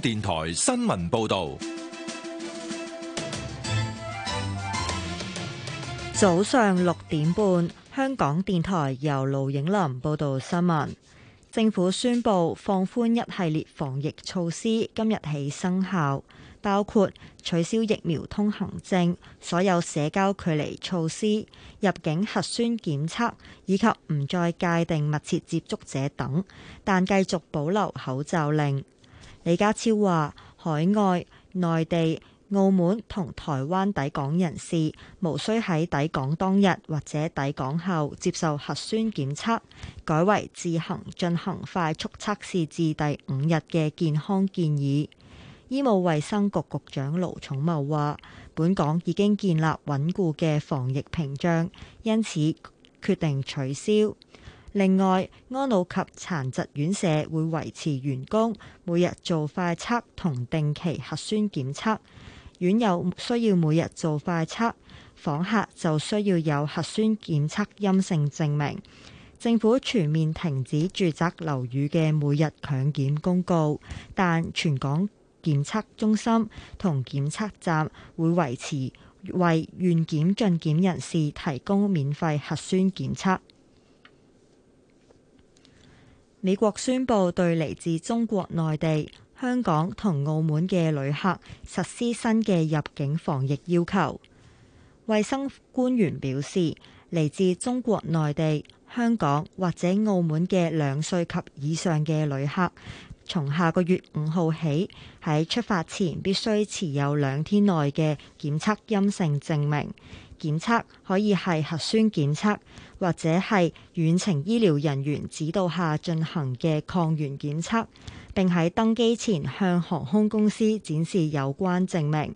電台新聞報道，早上六點半，香港電台由盧影林報道新聞。政府宣布放寬一系列防疫措施，今日起生效，包括取消疫苗通行證、所有社交距離措施、入境核酸檢測以及唔再界定密切接觸者等，但繼續保留口罩令。李家超話：海外、內地、澳門同台灣抵港人士無需喺抵港當日或者抵港後接受核酸檢測，改為自行進行快速測試至第五日嘅健康建議。醫務衛生局局長盧寵茂話：本港已經建立穩固嘅防疫屏障，因此決定取消。另外，安老及殘疾院舍會維持員工每日做快測同定期核酸檢測，院友需要每日做快測，訪客就需要有核酸檢測陰性證明。政府全面停止住宅樓宇嘅每日強檢公告，但全港檢測中心同檢測站會維持為願檢盡檢人士提供免費核酸檢測。美國宣布對嚟自中國內地、香港同澳門嘅旅客實施新嘅入境防疫要求。衛生官員表示，嚟自中國內地、香港或者澳門嘅兩歲及以上嘅旅客，從下個月五號起，喺出發前必須持有兩天內嘅檢測陰性證明。檢測可以係核酸檢測，或者係遠程醫療人員指導下進行嘅抗原檢測，並喺登機前向航空公司展示有關證明。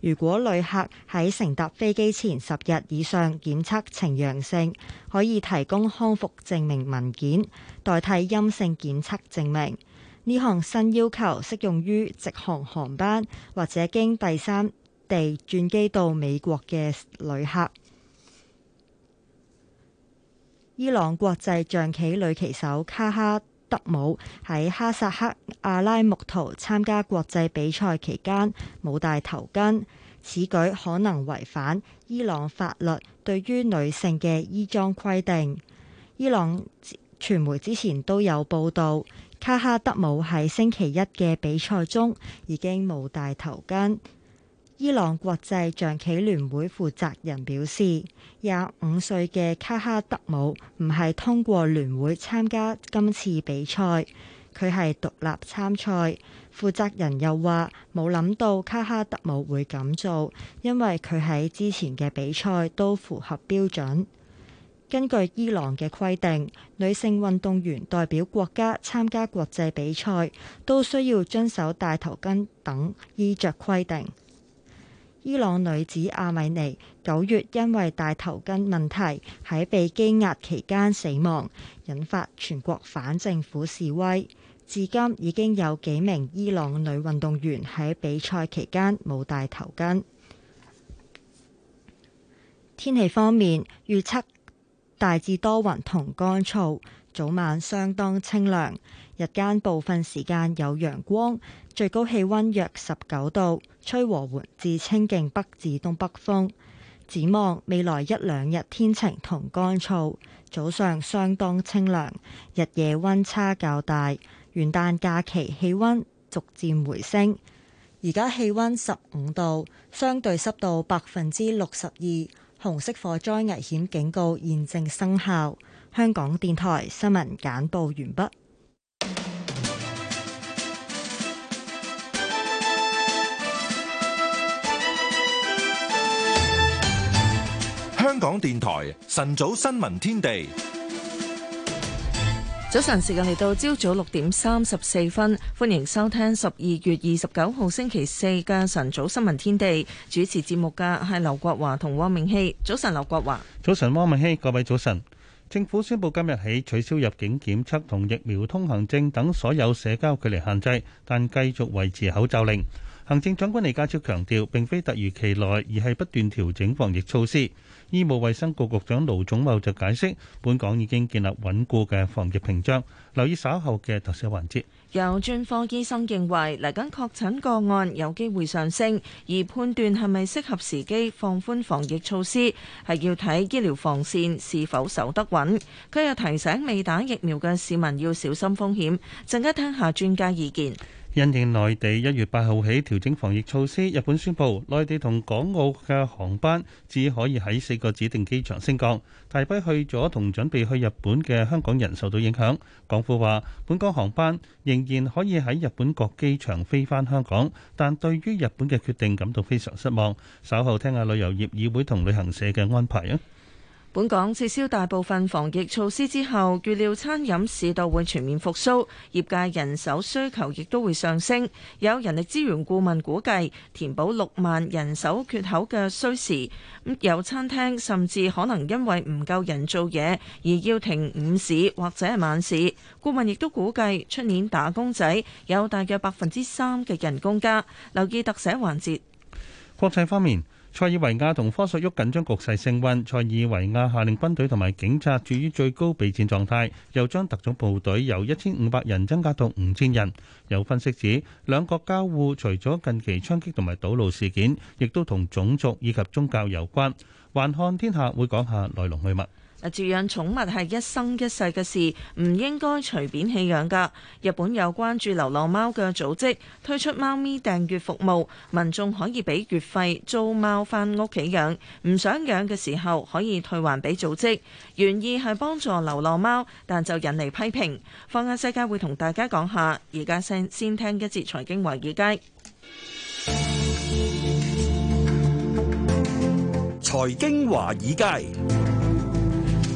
如果旅客喺乘搭飛機前十日以上檢測呈陽性，可以提供康復證明文件代替陰性檢測證明。呢項新要求適用於直航航班或者經第三。地轉機到美國嘅旅客。伊朗國際象棋女棋手卡哈德姆喺哈薩克阿拉木圖參加國際比賽期間冇戴頭巾，此舉可能違反伊朗法律對於女性嘅衣裝規定。伊朗傳媒之前都有報導，卡哈德姆喺星期一嘅比賽中已經冇戴頭巾。伊朗國際象棋聯會負責人表示，廿五歲嘅卡哈德姆唔係通過聯會參加今次比賽，佢係獨立參賽。負責人又話冇諗到卡哈德姆會咁做，因為佢喺之前嘅比賽都符合標準。根據伊朗嘅規定，女性運動員代表國家參加國際比賽都需要遵守戴頭巾等衣着規定。伊朗女子阿米尼九月因為戴頭巾問題喺被羈押期間死亡，引發全國反政府示威。至今已經有幾名伊朗女運動員喺比賽期間冇戴頭巾。天氣方面，預測大致多雲同乾燥，早晚相當清涼。日間部分時間有陽光，最高氣溫約十九度，吹和緩至清勁北至東北風。展望未來一兩日天晴同乾燥，早上相當清涼，日夜溫差較大。元旦假期氣溫逐漸回升，而家氣溫十五度，相對濕度百分之六十二，紅色火災危險警告現正生效。香港電台新聞簡報完畢。香港電台晨早新聞天地，早晨時間嚟到，朝早六點三十四分，歡迎收聽十二月二十九號星期四嘅晨早新聞天地。主持節目嘅係劉國華同汪明熙。早晨，劉國華，早晨，汪明熙，各位早晨。政府宣布今日起取消入境檢測同疫苗通行證等所有社交距離限制，但繼續維持口罩令。行政長官李家超強調，並非突如其來，而係不斷調整防疫措施。醫務衛生局局長盧寵茂就解釋，本港已經建立穩固嘅防疫屏障。留意稍後嘅特寫環節。有專科醫生認為嚟緊確診個案有機會上升，而判斷係咪適合時機放寬防疫措施，係要睇醫療防線是否守得穩。佢又提醒未打疫苗嘅市民要小心風險，陣間聽下專家意見。因應內地一月八號起調整防疫措施，日本宣布內地同港澳嘅航班只可以喺四個指定機場升降，大批去咗同準備去日本嘅香港人受到影響。港府話本港航班仍然可以喺日本各機場飛返香港，但對於日本嘅決定感到非常失望。稍後聽下旅遊業議會同旅行社嘅安排啊！本港撤銷大部分防疫措施之後，預料餐飲市道會全面復蘇，業界人手需求亦都會上升。有人力資源顧問估計填補六萬人手缺口嘅需時，有餐廳甚至可能因為唔夠人做嘢而要停午市或者係晚市。顧問亦都估計出年打工仔有大約百分之三嘅人工加。留意特寫環節。國際方面。塞爾維亞同科索沃緊張局勢升溫，塞爾維亞下令軍隊同埋警察處於最高備戰狀態，又將特種部隊由一千五百人增加到五千人。有分析指，兩國交互除咗近期槍擊同埋堵路事件，亦都同種族以及宗教有關。環看天下會講下來龍去脈。飼養寵物係一生一世嘅事，唔應該隨便棄養噶。日本有關注流浪貓嘅組織推出貓咪訂閱服務，民眾可以俾月費租貓翻屋企養，唔想養嘅時候可以退還俾組織。原意係幫助流浪貓，但就引嚟批評。放眼世界，會同大家講下。而家先先聽一節財經華爾街。財經華爾街。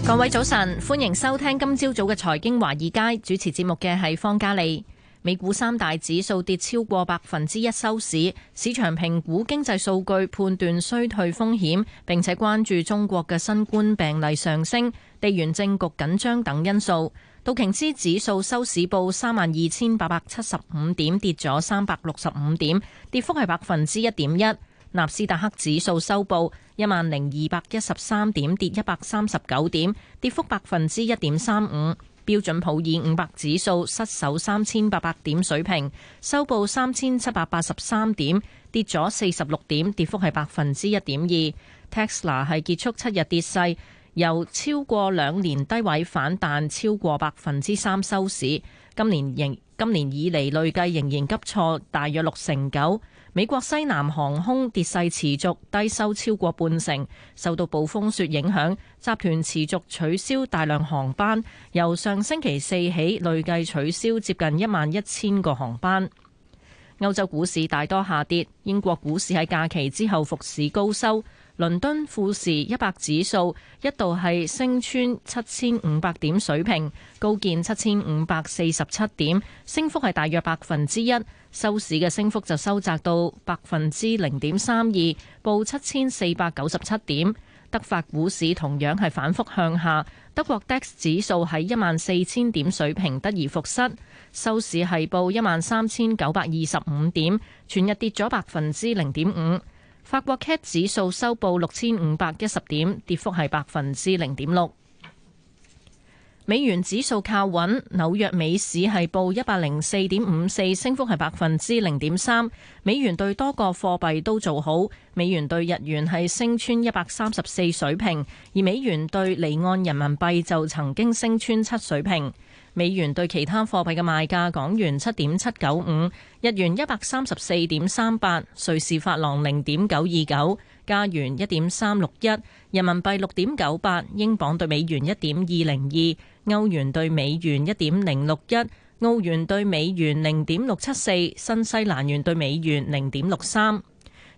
各位早晨，歡迎收聽今朝早嘅財經華爾街，主持節目嘅係方嘉莉。美股三大指數跌超過百分之一收市，市場評估經濟數據，判斷衰退風險，並且關注中國嘅新冠病例上升、地緣政局緊張等因素。道瓊斯指數收市報三萬二千八百七十五點，跌咗三百六十五點，跌幅係百分之一點一。納斯達克指數收報一萬零二百一十三點，跌一百三十九點，跌幅百分之一點三五。標準普爾五百指數失守三千八百點水平，收報三千七百八十三點，跌咗四十六點，跌幅係百分之一點二。Tesla 係結束七日跌勢，由超過兩年低位反彈超過百分之三收市。今年仍今年以嚟累計仍然急挫大約六成九。美國西南航空跌勢持續，低收超過半成，受到暴風雪影響，集團持續取消大量航班，由上星期四起累計取消接近一萬一千個航班。歐洲股市大多下跌，英國股市喺假期之後復市高收。倫敦富時一百指數一度係升穿七千五百點水平，高見七千五百四十七點，升幅係大約百分之一。收市嘅升幅就收窄到百分之零點三二，報七千四百九十七點。德法股市同樣係反復向下，德國 DAX 指數喺一萬四千點水平得而復失，收市係報一萬三千九百二十五點，全日跌咗百分之零點五。法國 CAC 指數收報六千五百一十點，跌幅係百分之零點六。美元指數靠穩，紐約美市係報一百零四點五四，升幅係百分之零點三。美元對多個貨幣都做好，美元對日元係升穿一百三十四水平，而美元對離岸人民幣就曾經升穿七水平。美元對其他貨幣嘅賣價：港元七點七九五，日元一百三十四點三八，瑞士法郎零點九二九，加元一點三六一，人民幣六點九八，英鎊對美元一點二零二，歐元對美元一點零六一，澳元對美元零點六七四，新西蘭元對美元零點六三。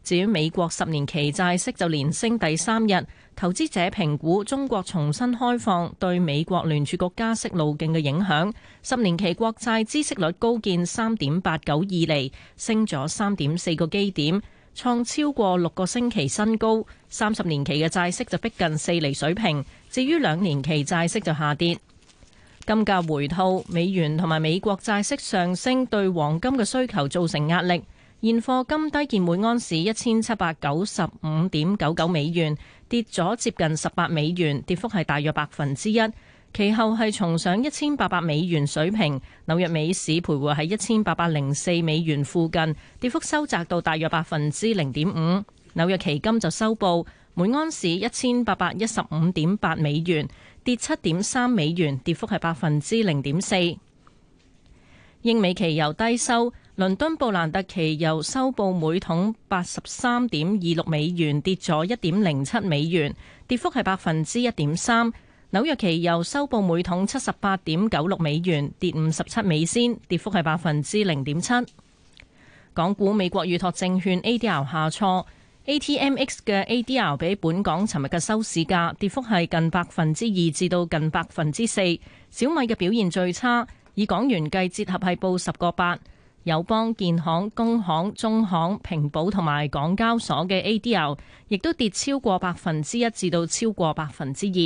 至於美國十年期債息就連升第三日，投資者評估中國重新開放對美國聯儲局加息路徑嘅影響。十年期國債孳息率高見三點八九二釐，升咗三點四個基點，創超過六個星期新高。三十年期嘅債息就逼近四厘水平，至於兩年期債息就下跌。金價回吐，美元同埋美國債息上升對黃金嘅需求造成壓力。現貨金低見每盎司一千七百九十五點九九美元，跌咗接近十八美元，跌幅係大約百分之一。其後係重上一千八百美元水平，紐約美市徘徊喺一千八百零四美元附近，跌幅收窄到大約百分之零點五。紐約期金就收報每盎司一千八百一十五點八美元，跌七點三美元，跌幅係百分之零點四。英美期油低收。倫敦布蘭特期油收報每桶八十三點二六美元，跌咗一點零七美元，跌幅係百分之一點三。紐約期油收報每桶七十八點九六美元，跌五十七美仙，跌幅係百分之零點七。港股美國預托證券 ADR 下挫，ATMX 嘅 ADR 比本港尋日嘅收市價跌幅係近百分之二至到近百分之四。小米嘅表現最差，以港元計，折合係報十個八。友邦、建行、工行、中行、平保同埋港交所嘅 A D L，亦都跌超過百分之一至到超過百分之二。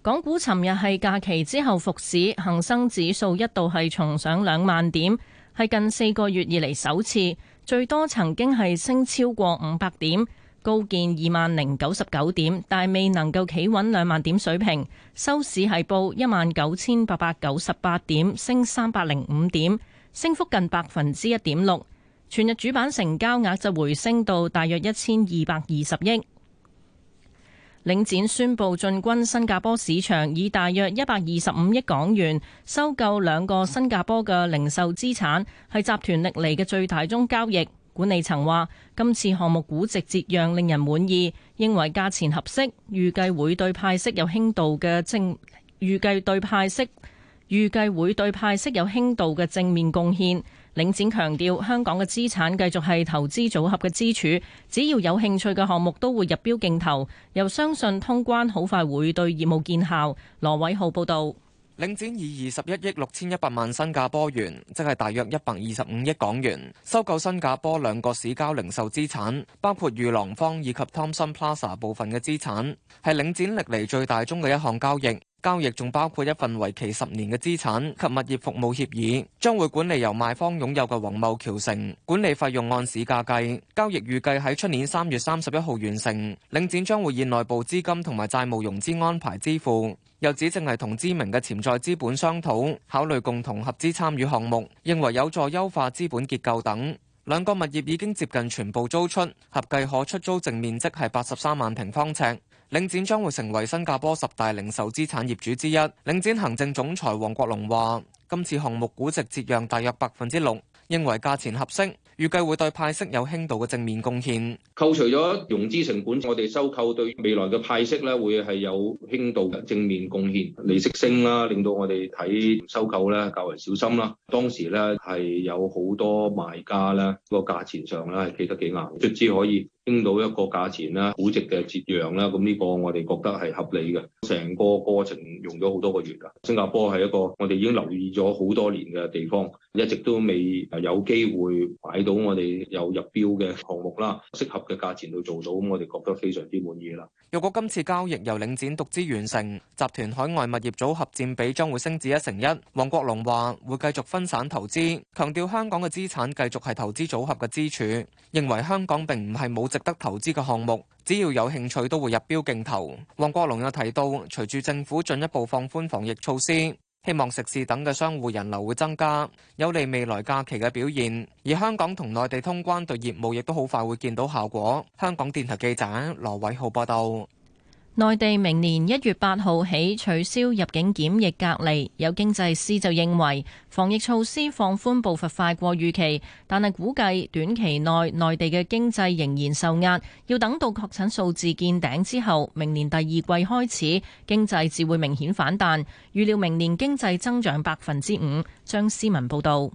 港股尋日係假期之後復市，恒生指數一度係重上兩萬點，係近四個月以嚟首次，最多曾經係升超過五百點。高見二萬零九十九點，但未能夠企穩兩萬點水平。收市係報一萬九千八百九十八點，升三百零五點，升幅近百分之一點六。全日主板成交額就回升到大約一千二百二十億。領展宣佈進軍新加坡市場，以大約一百二十五億港元收購兩個新加坡嘅零售資產，係集團歷嚟嘅最大宗交易。管理層話今次項目估值折讓令人滿意，認為價錢合適，預計會對派息有輕度嘅正，預計對派息預計會對派息有輕度嘅正面貢獻。領展強調，香港嘅資產繼續係投資組合嘅支柱，只要有興趣嘅項目都會入標競投，又相信通關好快會對業務見效。羅偉浩報道。領展以二十一億六千一百萬新加坡元，即係大約一百二十五億港元，收購新加坡兩個市郊零售資產，包括裕廊坊以及 Thomson Plaza 部分嘅資產，係領展歷嚟最大宗嘅一項交易。交易仲包括一份為期十年嘅資產及物業服務協議，將會管理由賣方擁有嘅黃茂橋城，管理費用按市價計。交易預計喺出年三月三十一號完成，領展將會以內部資金同埋債務融資安排支付。又指淨係同知名嘅潛在資本商討，考慮共同合資參與項目，認為有助優化資本結構等。兩個物業已經接近全部租出，合計可出租淨面積係八十三萬平方尺。領展將會成為新加坡十大零售資產業主之一。領展行政總裁王國龍話，今次項目估值折讓大約百分之六，認為價錢合適，預計會對派息有輕度嘅正面貢獻。扣除咗融資成本，我哋收購對未來嘅派息咧會係有輕度嘅正面貢獻。利息升啦，令到我哋睇收購咧較為小心啦。當時咧係有好多賣家咧個價錢上咧係企得幾硬，卒之可以。傾到一個價錢啦，估值嘅折讓啦，咁呢個我哋覺得係合理嘅。成個過程用咗好多個月啊，新加坡係一個我哋已經留意咗好多年嘅地方，一直都未有機會買到我哋有入標嘅項目啦，適合嘅價錢都做到，我哋覺得非常之滿意啦。若果今次交易由領展獨資完成，集團海外物業組合佔比將會升至一成一。王國龍話會繼續分散投資，強調香港嘅資產繼續係投資組合嘅支柱。認為香港並唔係冇值得投資嘅項目，只要有興趣都會入標競投。黃國龍又提到，隨住政府進一步放寬防疫措施，希望食肆等嘅商戶人流會增加，有利未來假期嘅表現。而香港同內地通關對業務亦都好快會見到效果。香港電台記者羅偉浩報道。內地明年一月八號起取消入境檢疫隔離，有經濟師就認為防疫措施放寬步伐快過預期，但係估計短期內內地嘅經濟仍然受壓，要等到確診數字見頂之後，明年第二季開始經濟至會明顯反彈。預料明年經濟增長百分之五。張思文報道。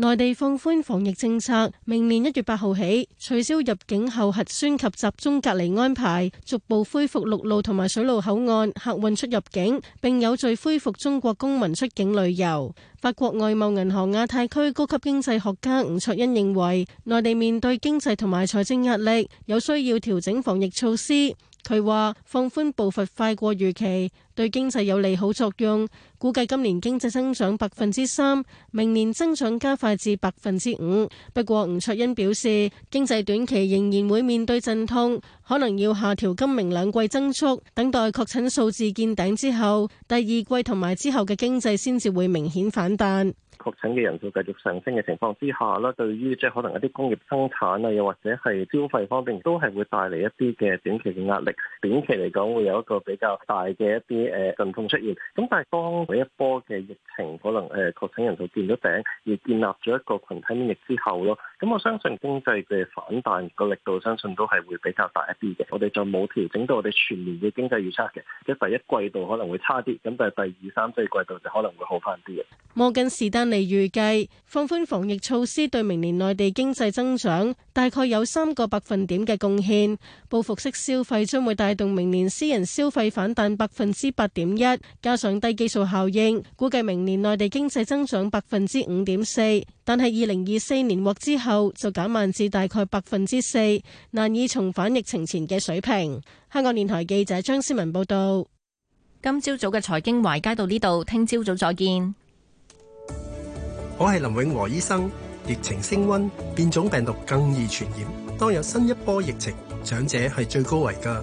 內地放寬防疫政策，明年一月八號起取消入境後核酸及集中隔離安排，逐步恢復陸路同埋水路口岸客運出入境，並有序恢復中國公民出境旅遊。法國外貿銀行亞太區高級經濟學家吳卓恩認為，內地面對經濟同埋財政壓力，有需要調整防疫措施。佢話放寬步伐快過預期。對經濟有利好作用，估計今年經濟增長百分之三，明年增長加快至百分之五。不過吳卓恩表示，經濟短期仍然會面對陣痛，可能要下調今明兩季增速，等待確診數字見頂之後，第二季同埋之後嘅經濟先至會明顯反彈。確診嘅人數繼續上升嘅情況之下啦，對於即係可能一啲工業生產啊，又或者係消費方面都係會帶嚟一啲嘅短期嘅壓力。短期嚟講會有一個比較大嘅一啲。誒陣痛出現，咁但係當每一波嘅疫情可能誒確診人數見到頂，而建立咗一個群體免疫之後咯，咁我相信經濟嘅反彈個力度，相信都係會比較大一啲嘅。我哋就冇調整到我哋全年嘅經濟預測嘅，即係第一季度可能會差啲，咁但係第二三四季度就可能會好翻啲嘅。摩根士丹利預計放寬防疫措施對明年內地經濟增長大概有三個百分點嘅貢獻，報復式消費將會帶動明年私人消費反彈百分之。八點一，加上低基數效應，估計明年內地經濟增長百分之五點四，但係二零二四年獲，獲之後就減慢至大概百分之四，難以重返疫情前嘅水平。香港電台記者張思文報道。今朝早嘅財經圍街到呢度，聽朝早，早再見。我係林永和醫生，疫情升溫，變種病毒更易傳染，當有新一波疫情，長者係最高危㗎。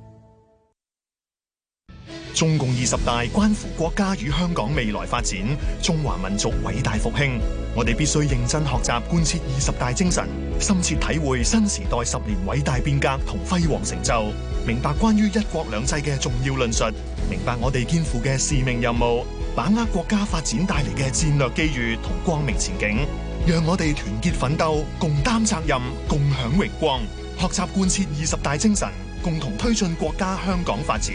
中共二十大關乎國家與香港未來發展，中華民族偉大復興。我哋必須認真學習貫徹二十大精神，深切體會新時代十年偉大變革同輝煌成就，明白關於一國兩制嘅重要論述，明白我哋肩負嘅使命任務，把握國家發展帶嚟嘅戰略機遇同光明前景，讓我哋團結奮鬥，共擔責任，共享榮光，學習貫徹二十大精神，共同推進國家香港發展。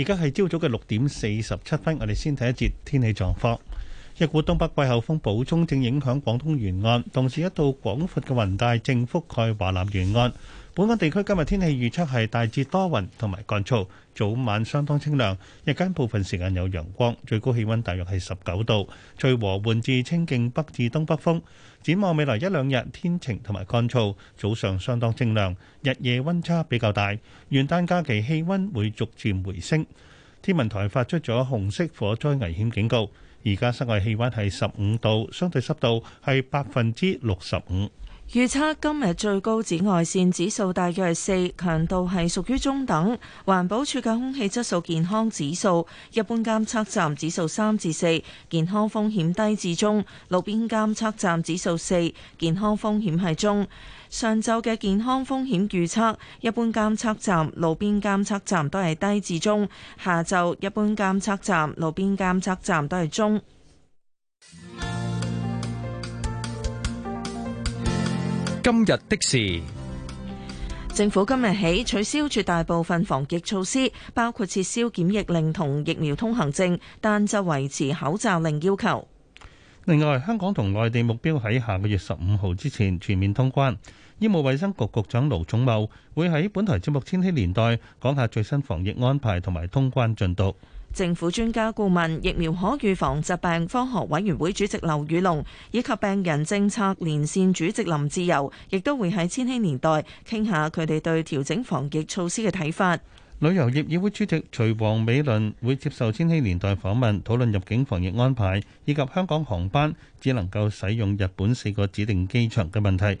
而家係朝早嘅六點四十七分，我哋先睇一節天氣狀況。一股東北季候風補充正影響廣東沿岸，同時一道廣闊嘅雲帶正覆蓋華南沿岸。本港地區今日天氣預測係大致多雲同埋乾燥，早晚相當清涼，日間部分時間有陽光，最高氣溫大約係十九度，吹和緩至清勁北至東北風，展望未來一兩日天晴同埋乾燥，早上相當清涼，日夜溫差比較大。元旦假期氣溫會逐漸回升。天文台發出咗紅色火災危險警告，而家室外氣溫係十五度，相對濕度係百分之六十五。預測今日最高紫外線指數大約係四，強度係屬於中等。環保署嘅空氣質素健康指數，一般監測站指數三至四，健康風險低至中；路邊監測站指數四，健康風險係中。上晝嘅健康風險預測，一般監測站、路邊監測站都係低至中；下晝一般監測站、路邊監測站都係中。今日的事，政府今日起取消絕大部分防疫措施，包括撤銷檢疫令同疫苗通行證，但就維持口罩令要求。另外，香港同內地目標喺下個月十五號之前全面通關，醫務衛生局局長盧寵茂會喺本台節目《千禧年代》講下最新防疫安排同埋通關進度。政府專家顧問、疫苗可預防疾病科學委員會主席劉宇龍以及病人政策連線主席林志柔，亦都會喺千禧年代傾下佢哋對調整防疫措施嘅睇法。旅遊業議會主席徐王美倫會接受千禧年代訪問，討論入境防疫安排以及香港航班只能夠使用日本四個指定機場嘅問題。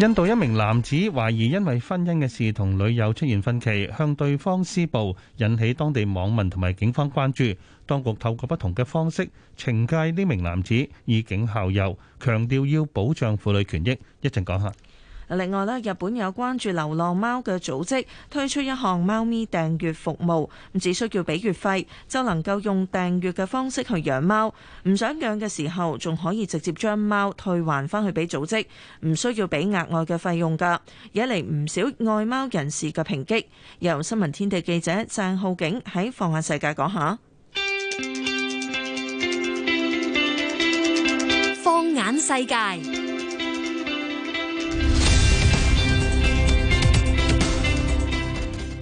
印度一名男子懷疑因為婚姻嘅事同女友出現分歧，向對方施暴，引起當地網民同埋警方關注。當局透過不同嘅方式懲戒呢名男子，以儆效尤，強調要保障婦女權益。一陣講下。另外咧，日本有關注流浪貓嘅組織推出一項貓咪訂閱服務，只需要俾月費，就能夠用訂閱嘅方式去養貓。唔想養嘅時候，仲可以直接將貓退還翻去俾組織，唔需要俾額外嘅費用㗎，引嚟唔少愛貓人士嘅抨擊。由新聞天地記者鄭浩景喺放眼世界講下。放眼世界。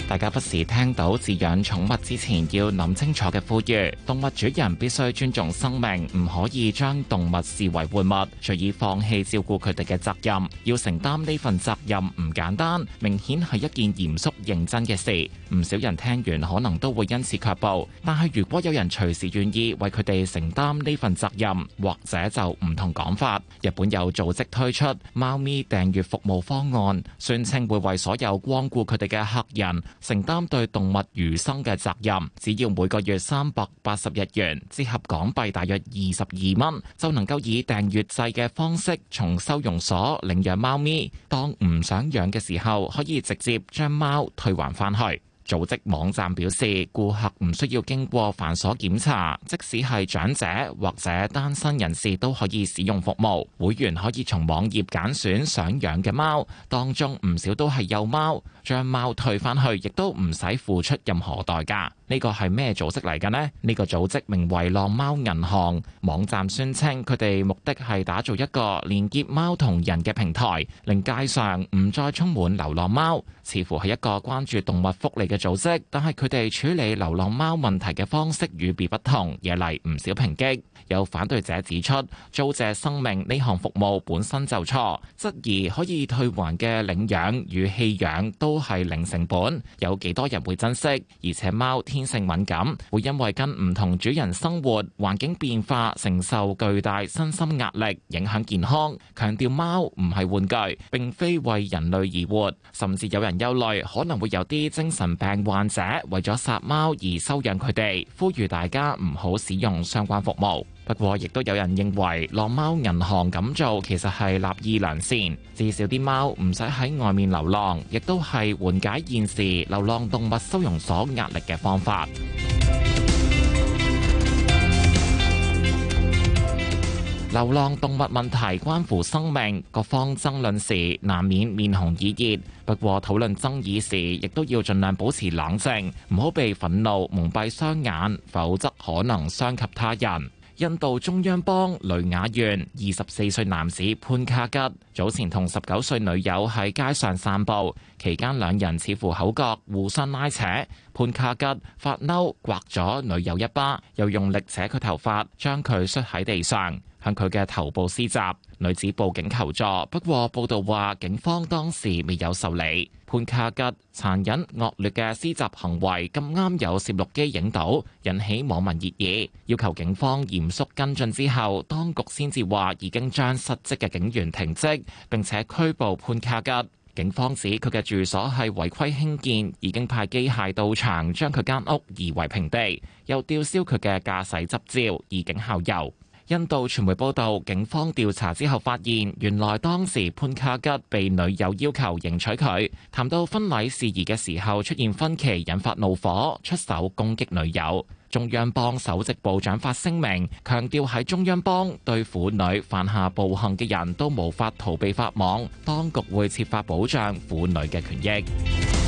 大家不時聽到飼養寵物之前要諗清楚嘅呼籲，動物主人必須尊重生命，唔可以將動物視為玩物，隨意放棄照顧佢哋嘅責任。要承擔呢份責任唔簡單，明顯係一件嚴肅認真嘅事。唔少人聽完可能都會因此卻步，但係如果有人隨時願意為佢哋承擔呢份責任，或者就唔同講法。日本有組織推出貓咪訂閱服務方案，宣稱會為所有光顧佢哋嘅客人。承擔對動物餘生嘅責任，只要每個月三百八十日元，折合港幣大約二十二蚊，就能夠以訂閱制嘅方式從收容所領養貓咪。當唔想養嘅時候，可以直接將貓退還返去。組織網站表示，顧客唔需要經過繁瑣檢查，即使係長者或者單身人士都可以使用服務。會員可以從網頁揀選想養嘅貓，當中唔少都係幼貓。將貓退翻去，亦都唔使付出任何代價。呢個係咩組織嚟嘅呢？呢個組織名為《浪貓銀行》，網站宣稱佢哋目的係打造一個連接貓同人嘅平台，令街上唔再充滿流浪貓。似乎係一個關注動物福利嘅組織，但係佢哋處理流浪貓問題嘅方式與別不同，惹嚟唔少抨擊。有反對者指出，租借生命呢項服務本身就錯，質疑可以退還嘅領養與棄養都係零成本，有幾多人會珍惜？而且貓天性敏感，會因為跟唔同主人生活環境變化，承受巨大身心壓力，影響健康。強調貓唔係玩具，並非為人類而活。甚至有人憂慮可能會有啲精神病患者為咗殺貓而收養佢哋，呼籲大家唔好使用相關服務。不過，亦都有人認為，浪貓銀行咁做其實係立意良善，至少啲貓唔使喺外面流浪，亦都係緩解現時流浪動物收容所壓力嘅方法。 流浪動物問題關乎生命，各方爭論時難免面紅耳熱。不過，討論爭議時，亦都要盡量保持冷靜，唔好被憤怒蒙蔽雙眼，否則可能傷及他人。印度中央邦雷雅縣，二十四歲男子潘卡吉早前同十九歲女友喺街上散步，期間兩人似乎口角，互相拉扯。潘卡吉發嬲，摑咗女友一巴，又用力扯佢頭髮，將佢摔喺地上，向佢嘅頭部施襲。女子報警求助，不過報道話警方當時未有受理。判卡吉殘忍惡劣嘅施襲行為咁啱有攝錄機影到，引起網民熱議，要求警方嚴肅跟進。之後，當局先至話已經將失職嘅警員停職，並且拘捕判卡吉。警方指佢嘅住所係違規興建，已經派機械到場將佢間屋夷為平地，又吊銷佢嘅駕駛執照，以儆效尤。印度傳媒報導，警方調查之後發現，原來當時潘卡吉被女友要求迎娶佢，談到婚禮事宜嘅時候出現分歧，引發怒火，出手攻擊女友。中央邦首席部長發聲明，強調喺中央邦對婦女犯下暴行嘅人都無法逃避法網，當局會設法保障婦女嘅權益。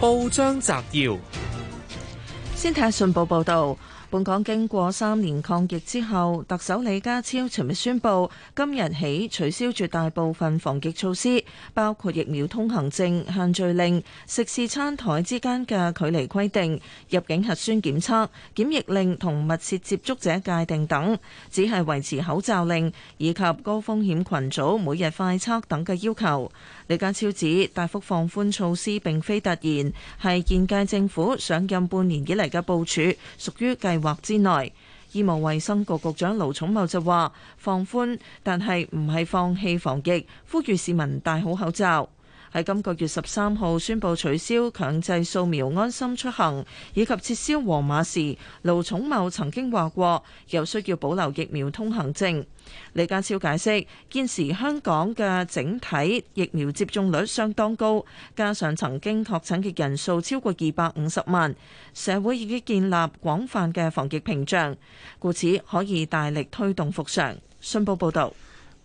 報章摘要，先睇下信報報道，本港經過三年抗疫之後，特首李家超尋日宣佈，今日起取消絕大部分防疫措施，包括疫苗通行證、限聚令、食肆餐台之間嘅距離規定、入境核酸檢測、檢疫令同密切接觸者界定等，只係維持口罩令以及高風險群組每日快測等嘅要求。李家超指大幅放寬措施並非突然，係現屆政府上任半年以嚟嘅部署，屬於計劃之內。醫務衛生局局長盧寵茂就話：放寬，但係唔係放棄防疫，呼籲市民戴好口罩。喺今個月十三號宣布取消強制掃描安心出行，以及撤銷黃碼時，盧寵茂曾經話過有需要保留疫苗通行證。李家超解釋，堅持香港嘅整體疫苗接種率相當高，加上曾經確診嘅人數超過二百五十萬，社會已經建立廣泛嘅防疫屏障，故此可以大力推動復常。信報報道。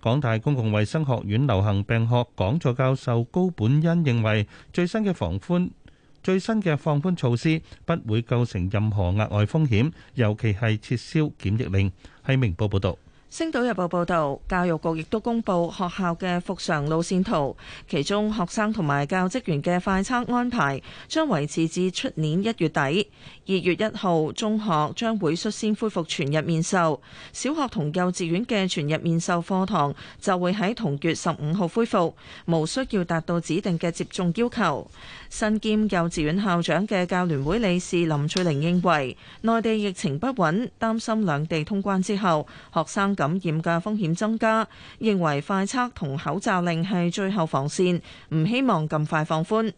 港大公共衛生學院流行病學講座教授高本恩認為，最新嘅放寬最新嘅放寬措施不會構成任何額外風險，尤其係撤銷檢疫令。係明報報導，《星島日報》報導，教育局亦都公布學校嘅復常路線圖，其中學生同埋教職員嘅快測安排將維持至出年一月底。二月一號，中學將會率先恢復全日面授，小學同幼稚園嘅全日面授課堂就會喺同月十五號恢復，無需要達到指定嘅接種要求。身兼幼稚園校長嘅教聯會理事林翠玲認為，內地疫情不穩，擔心兩地通關之後學生感染嘅風險增加，認為快測同口罩令係最後防線，唔希望咁快放寬。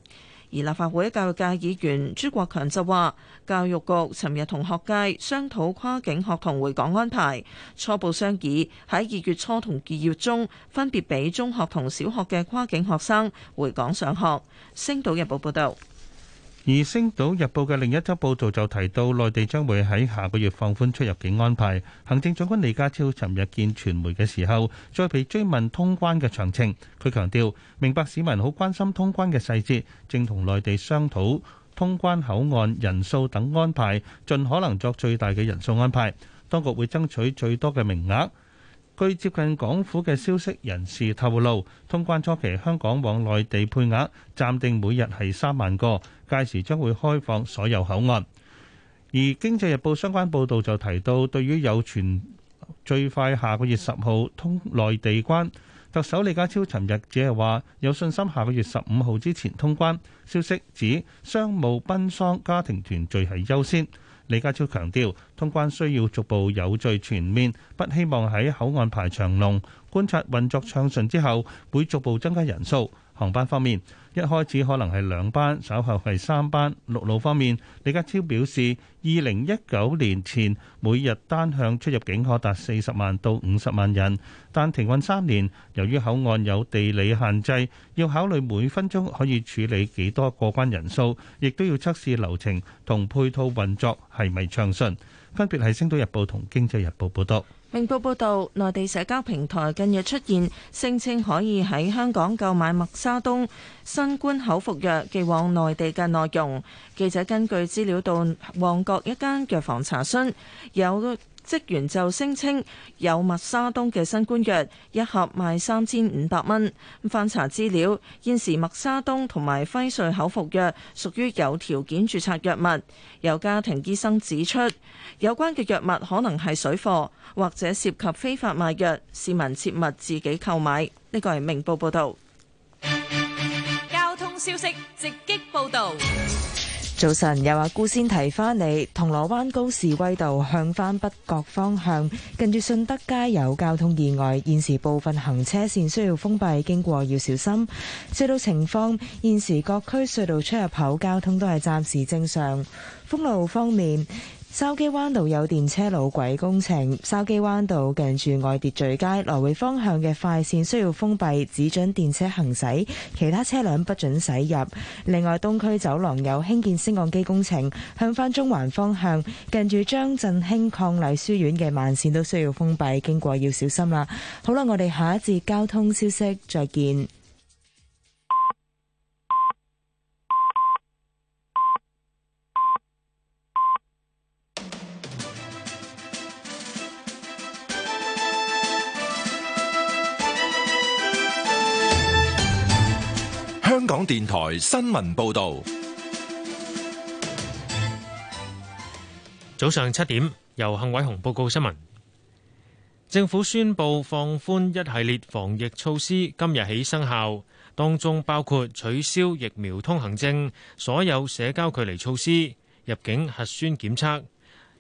而立法會教育界議員朱國強就話：教育局尋日同學界商討跨境學童回港安排，初步商議喺二月初同二月中分別俾中學同小學嘅跨境學生回港上學。星島日報報道。而《星島日報》嘅另一則報道就提到，內地將會喺下個月放寬出入境安排。行政長官李家超尋日見傳媒嘅時候，再被追問通關嘅詳情，佢強調明白市民好關心通關嘅細節，正同內地商討通關口岸、人數等安排，盡可能作最大嘅人數安排。當局會爭取最多嘅名額。據接近港府嘅消息人士透露，通關初期香港往內地配額暫定每日係三萬個。屆時將會開放所有口岸，而《經濟日報》相關報導就提到，對於有傳最快下個月十號通內地關，特首李家超尋日只係話有信心下個月十五號之前通關。消息指，商務、奔喪、家庭團聚係優先。李家超強調，通關需要逐步有序全面，不希望喺口岸排長龍。觀察運作暢順之後，會逐步增加人數。航班方面，一開始可能係兩班，稍後係三班。陸路方面，李家超表示，二零一九年前每日單向出入境可達四十萬到五十萬人，但停運三年，由於口岸有地理限制，要考慮每分鐘可以處理幾多過關人數，亦都要測試流程同配套運作係咪暢順。分別係《星島日報》同《經濟日報》報導。明報報導，內地社交平台近日出現聲稱可以喺香港購買默沙東新冠口服藥寄往內地嘅內容。記者根據資料到旺角一間藥房查詢，有。職員就聲稱有默沙東嘅新冠藥，一盒賣三千五百蚊。翻查資料，現時默沙東同埋輝瑞口服藥屬於有條件註冊藥物。有家庭醫生指出，有關嘅藥物可能係水貨或者涉及非法賣藥，市民切勿自己購買。呢個係明報報道。交通消息直擊報道。早晨，又話姑先提翻你，銅鑼灣高士威道向返北角方向，近住順德街有交通意外，現時部分行車線需要封閉，經過要小心。隧道情況，現時各區隧道出入口交通都係暫時正常。封路方面。筲箕灣道有電車路軌工程，筲箕灣道近住愛秩序街來回方向嘅快線需要封閉，只准電車行駛，其他車輛不准駛入。另外，東區走廊有興建升降機工程，向返中環方向近住張振興伉儷書院嘅慢線都需要封閉，經過要小心啦。好啦，我哋下一節交通消息再見。香港電台新聞報道，早上七點由幸偉雄報告新聞。政府宣布放寬一系列防疫措施，今日起生效，當中包括取消疫苗通行證、所有社交距離措施、入境核酸檢測，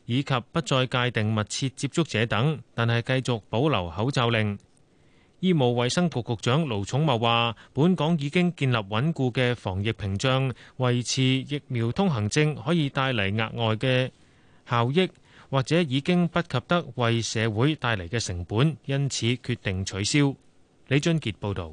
以及不再界定密切接觸者等，但係繼續保留口罩令。醫務衛生局局長盧寵茂話，本港已經建立穩固嘅防疫屏障，維持疫苗通行證可以帶嚟額外嘅效益，或者已經不及得為社會帶嚟嘅成本，因此決定取消。李俊傑報道，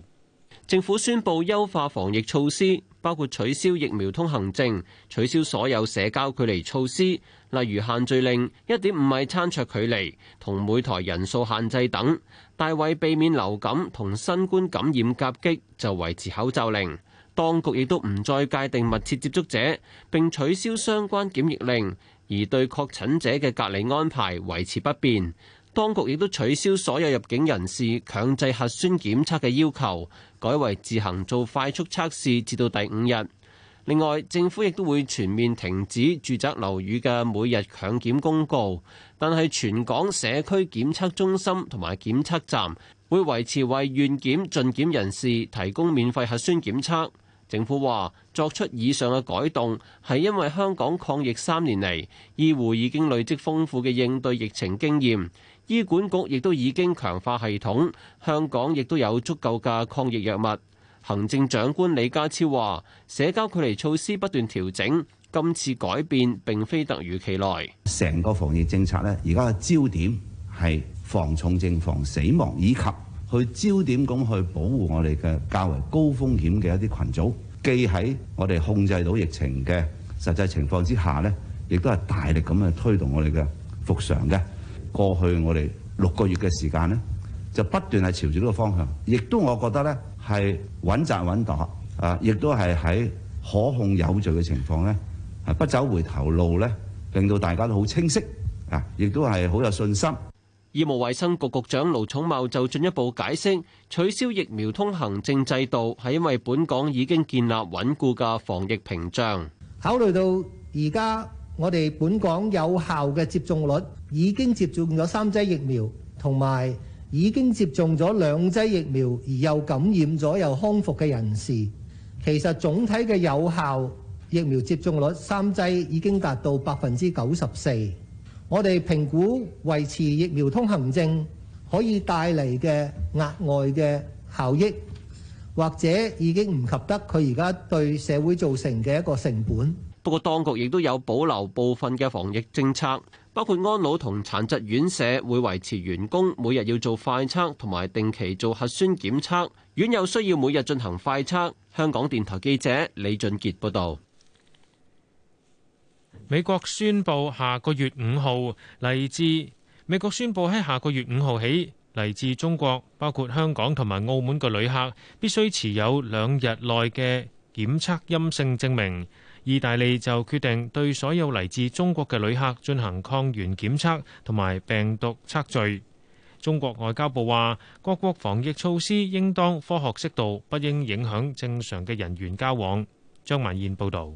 政府宣布優化防疫措施，包括取消疫苗通行證，取消所有社交距離措施，例如限聚令、一點五米餐桌距離同每台人數限制等。大為避免流感同新冠感染夾擊，就維持口罩令。當局亦都唔再界定密切接觸者，並取消相關檢疫令，而對確診者嘅隔離安排維持不變，當局亦都取消所有入境人士強制核酸檢測嘅要求，改為自行做快速測試至到第五日。另外，政府亦都會全面停止住宅樓宇嘅每日強檢公告，但係全港社區檢測中心同埋檢測站會維持為願檢盡檢人士提供免費核酸檢測。政府話作出以上嘅改動係因為香港抗疫三年嚟，醫護已經累積豐富嘅應對疫情經驗，醫管局亦都已經強化系統，香港亦都有足夠嘅抗疫藥物。行政長官李家超話：社交距離措施不斷調整，今次改變並非突如其來。成個防疫政策咧，而家嘅焦點係防重症、防死亡，以及去焦點咁去保護我哋嘅較為高風險嘅一啲群組。既喺我哋控制到疫情嘅實際情況之下咧，亦都係大力咁去推動我哋嘅復常嘅。過去我哋六個月嘅時間咧，就不斷係朝住呢個方向，亦都我覺得咧。係穩紮穩打啊！亦都係喺可控有序嘅情況咧，係不走回頭路咧，令到大家都好清晰啊！亦都係好有信心。醫務衛生局局長盧寵茂就進一步解釋，取消疫苗通行證制度係因為本港已經建立穩固嘅防疫屏障。考慮到而家我哋本港有效嘅接種率已經接種咗三劑疫苗，同埋。已經接種咗兩劑疫苗而又感染咗又康復嘅人士，其實總體嘅有效疫苗接種率三劑已經達到百分之九十四。我哋評估維持疫苗通行證可以帶嚟嘅額外嘅效益，或者已經唔及得佢而家對社會造成嘅一個成本。不過，當局亦都有保留部分嘅防疫政策。包括安老同殘疾院舍會維持員工每日要做快測同埋定期做核酸檢測，院友需要每日進行快測，香港電台記者李俊杰報道。美國宣布下個月五號，嚟自美國，宣布喺下個月五號起嚟自中國，包括香港同埋澳門嘅旅客必須持有兩日內嘅檢測陰性證明。意大利就決定對所有嚟自中國嘅旅客進行抗原檢測同埋病毒測序。中國外交部話：各國防疫措施應當科學適度，不應影響正常嘅人員交往。張文燕報導。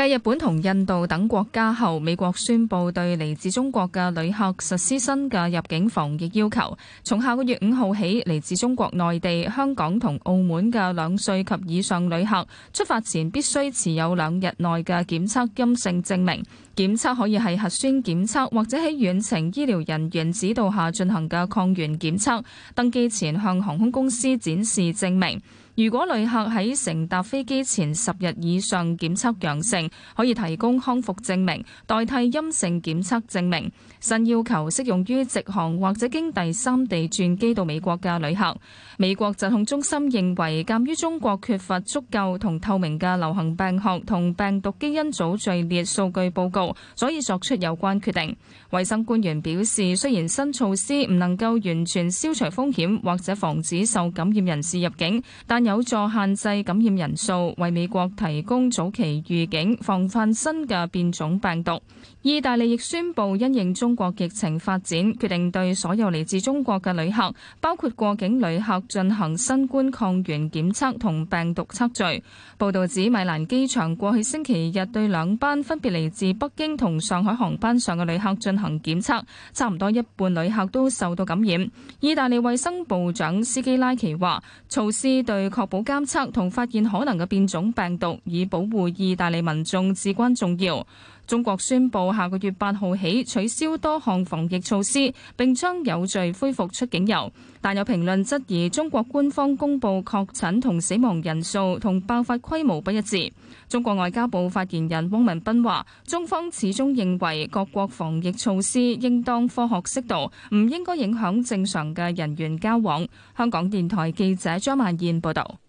繼日本同印度等國家後，美國宣佈對嚟自中國嘅旅客實施新嘅入境防疫要求。從下個月五號起，嚟自中國內地、香港同澳門嘅兩歲及以上旅客，出發前必須持有兩日內嘅檢測陰性證明。檢測可以係核酸檢測，或者喺遠程醫療人員指導下進行嘅抗原檢測。登機前向航空公司展示證明。如果旅客喺乘搭飛機前十日以上檢測陽性，可以提供康復證明，代替陰性檢測證明。新要求適用於直航或者經第三地轉機到美國嘅旅客。美國疾控中心認為，鑑於中國缺乏足夠同透明嘅流行病學同病毒基因組序列數據報告，所以作出有關決定。衛生官員表示，雖然新措施唔能夠完全消除風險或者防止受感染人士入境，但有助限制感染人數，為美國提供早期預警，防範新嘅變種病毒。意大利亦宣布，因應中國疫情發展，決定對所有嚟自中國嘅旅客，包括過境旅客，進行新冠抗原檢測同病毒測序。報道指，米蘭機場過去星期日對兩班分別嚟自北京同上海航班上嘅旅客進行檢測，差唔多一半旅客都受到感染。意大利衛生部長斯基拉奇話措施對確保監測同發現可能嘅變種病毒，以保護意大利民眾至關重要。中國宣布下個月八號起取消多項防疫措施，並將有序恢復出境遊，但有評論質疑中國官方公布確診同死亡人數同爆發規模不一致。中國外交部發言人汪文斌話，中方始終認為各國防疫措施應當科學適度，唔應該影響正常嘅人員交往。香港電台記者張曼燕報道。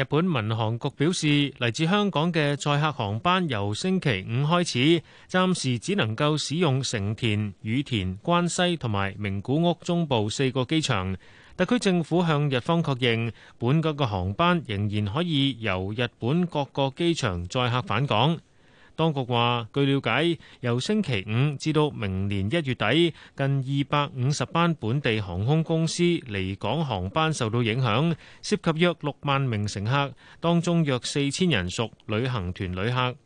日本民航局表示，嚟自香港嘅載客航班由星期五開始，暫時只能夠使用成田、羽田、關西同埋名古屋中部四個機場。特區政府向日方確認，本港嘅航班仍然可以由日本各個機場載客返港。當局話：據了解，由星期五至到明年一月底，近二百五十班本地航空公司離港航班受到影響，涉及約六萬名乘客，當中約四千人屬旅行團旅客。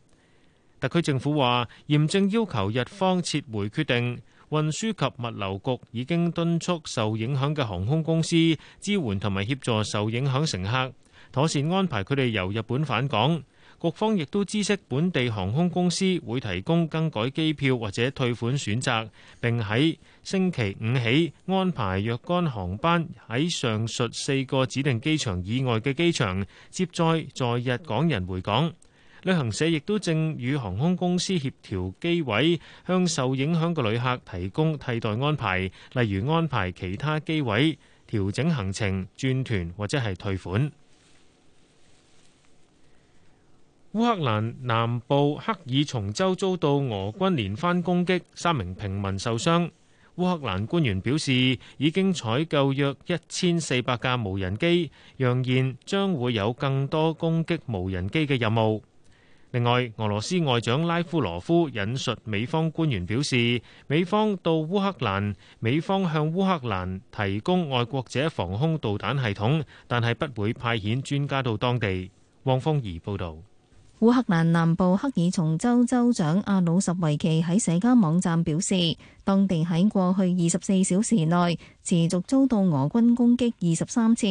特區政府話，嚴正要求日方撤回決定。運輸及物流局已經敦促受影響嘅航空公司支援同埋協助受影響乘客，妥善安排佢哋由日本返港。局方亦都知悉，本地航空公司會提供更改機票或者退款選擇，並喺星期五起安排若干航班喺上述四個指定機場以外嘅機場接載在日港人回港。旅行社亦都正與航空公司協調機位，向受影響嘅旅客提供替代安排，例如安排其他機位、調整行程、轉團或者係退款。烏克蘭南部克爾松州遭到俄軍連番攻擊，三名平民受傷。烏克蘭官員表示，已經採購約一千四百架無人機，揚言將會有更多攻擊無人機嘅任務。另外，俄羅斯外長拉夫羅夫引述美方官員表示，美方到烏克蘭，美方向烏克蘭提供愛國者防空導彈系統，但係不會派遣專家到當地。汪鳳儀報道。烏克蘭南部克爾松州州長阿魯什維奇喺社交網站表示，當地喺過去二十四小時內持續遭到俄軍攻擊二十三次，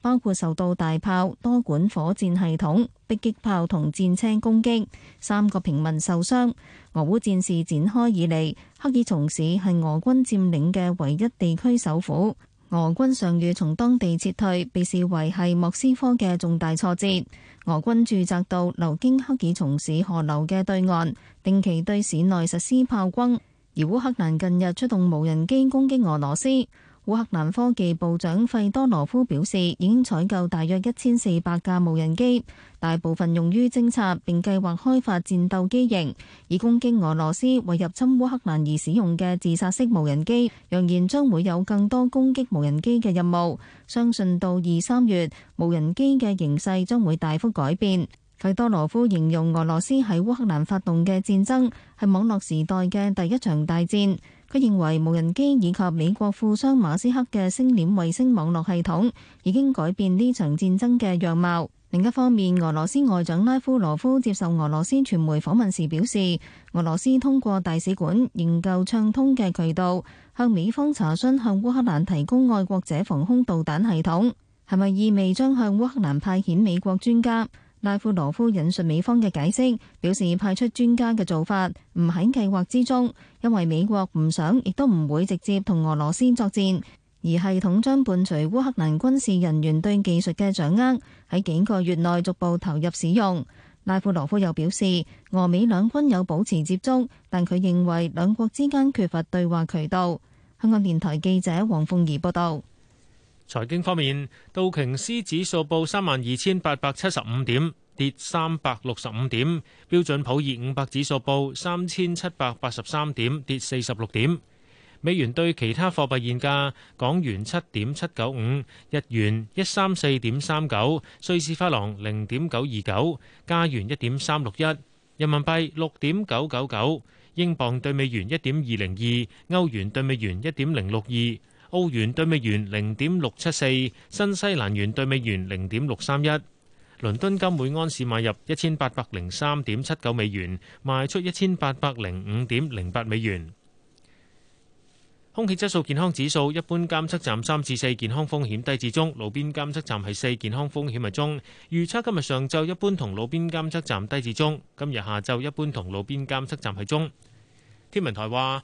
包括受到大炮、多管火箭系統、迫擊炮同戰車攻擊，三個平民受傷。俄烏戰事展開以嚟，克爾松市係俄軍佔領嘅唯一地區首府。俄軍上月從當地撤退，被視為係莫斯科嘅重大挫折。俄軍駐紮到流經赫爾松市河流嘅對岸，定期對市內實施炮轟。而烏克蘭近日出動無人機攻擊俄羅斯。烏克蘭科技部長費多羅夫表示，已經採購大約一千四百架無人機，大部分用於偵察，並計劃開發戰鬥機型，以攻擊俄羅斯，為入侵烏克蘭而使用嘅自殺式無人機。揚言將會有更多攻擊無人機嘅任務，相信到二三月，無人機嘅形勢將會大幅改變。費多羅夫形容俄羅斯喺烏克蘭發動嘅戰爭係網絡時代嘅第一場大戰。佢認為無人機以及美國富商馬斯克嘅星鏈衛星網絡系統已經改變呢場戰爭嘅樣貌。另一方面，俄羅斯外長拉夫羅夫接受俄羅斯傳媒訪問時表示，俄羅斯通過大使館研究暢通嘅渠道向美方查詢向烏克蘭提供愛國者防空導彈系統。係咪意味將向烏克蘭派遣美國專家？拉夫羅夫引述美方嘅解釋，表示派出專家嘅做法唔喺計劃之中，因為美國唔想，亦都唔會直接同俄羅斯作戰，而系統將伴隨烏克蘭軍事人員對技術嘅掌握，喺幾個月內逐步投入使用。拉夫羅夫又表示，俄美兩軍有保持接觸，但佢認為兩國之間缺乏對話渠道。香港電台記者黃鳳儀報道。財經方面，道瓊斯指數報三萬二千八百七十五點，跌三百六十五點；標準普爾五百指數報三千七百八十三點，跌四十六點。美元對其他貨幣現價：港元七點七九五，日元一三四點三九，瑞士法郎零點九二九，加元一點三六一，人民幣六點九九九，英鎊對美元一點二零二，歐元對美元一點零六二。澳元兌美元零點六七四，新西蘭元兌美元零點六三一。倫敦金每安士買入一千八百零三點七九美元，賣出一千八百零五點零八美元。空氣質素健康指數，一般監測站三至四，健康風險低至中，路邊監測站係四，健康風險係中。預測今日上晝一般同路邊監測站低至中，今日下晝一般同路邊監測站係中。天文台話。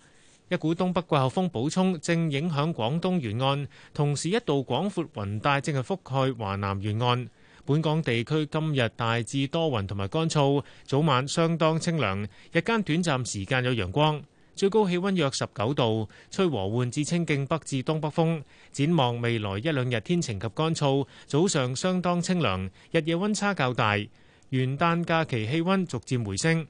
一股東北季候風補充，正影響廣東沿岸，同時一道廣闊雲帶正係覆蓋華南沿岸。本港地區今日大致多雲同埋乾燥，早晚相當清涼，日間短暫時間有陽光，最高氣溫約十九度，吹和緩至清勁北至東北風。展望未來一兩日天晴及乾燥，早上相當清涼，日夜溫差較大。元旦假期氣溫逐漸回升，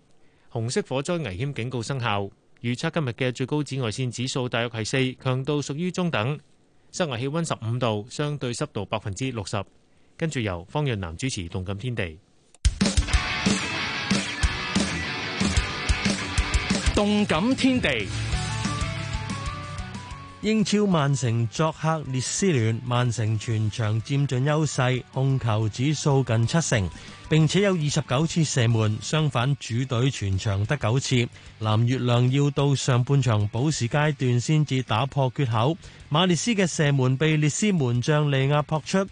紅色火災危險警告生效。預測今日嘅最高紫外線指數大約係四，強度屬於中等。室外氣溫十五度，相對濕度百分之六十。跟住由方潤南主持《動感天地》。《動感天地》.英超曼城作客列斯聯，曼城全場佔盡優勢，控球指數近七成，並且有二十九次射門，相反主隊全場得九次。藍月亮要到上半場補時階段先至打破缺口，馬列斯嘅射門被列斯門將利亞撲出，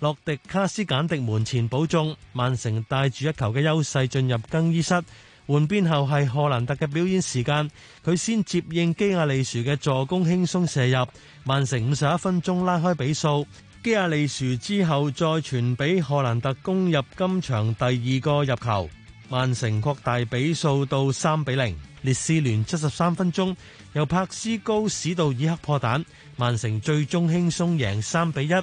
洛迪卡斯簡迪門前補中，曼城帶住一球嘅優勢進入更衣室。換邊後係荷蘭特嘅表演時間，佢先接應基亞利殊嘅助攻輕鬆射入，曼城五十一分鐘拉開比數。基亞利殊之後再傳俾荷蘭特攻入今場第二個入球，曼城擴大比數到三比零。0, 列斯聯七十三分鐘由柏斯高史杜爾克破蛋，曼城最終輕鬆贏三比一。1,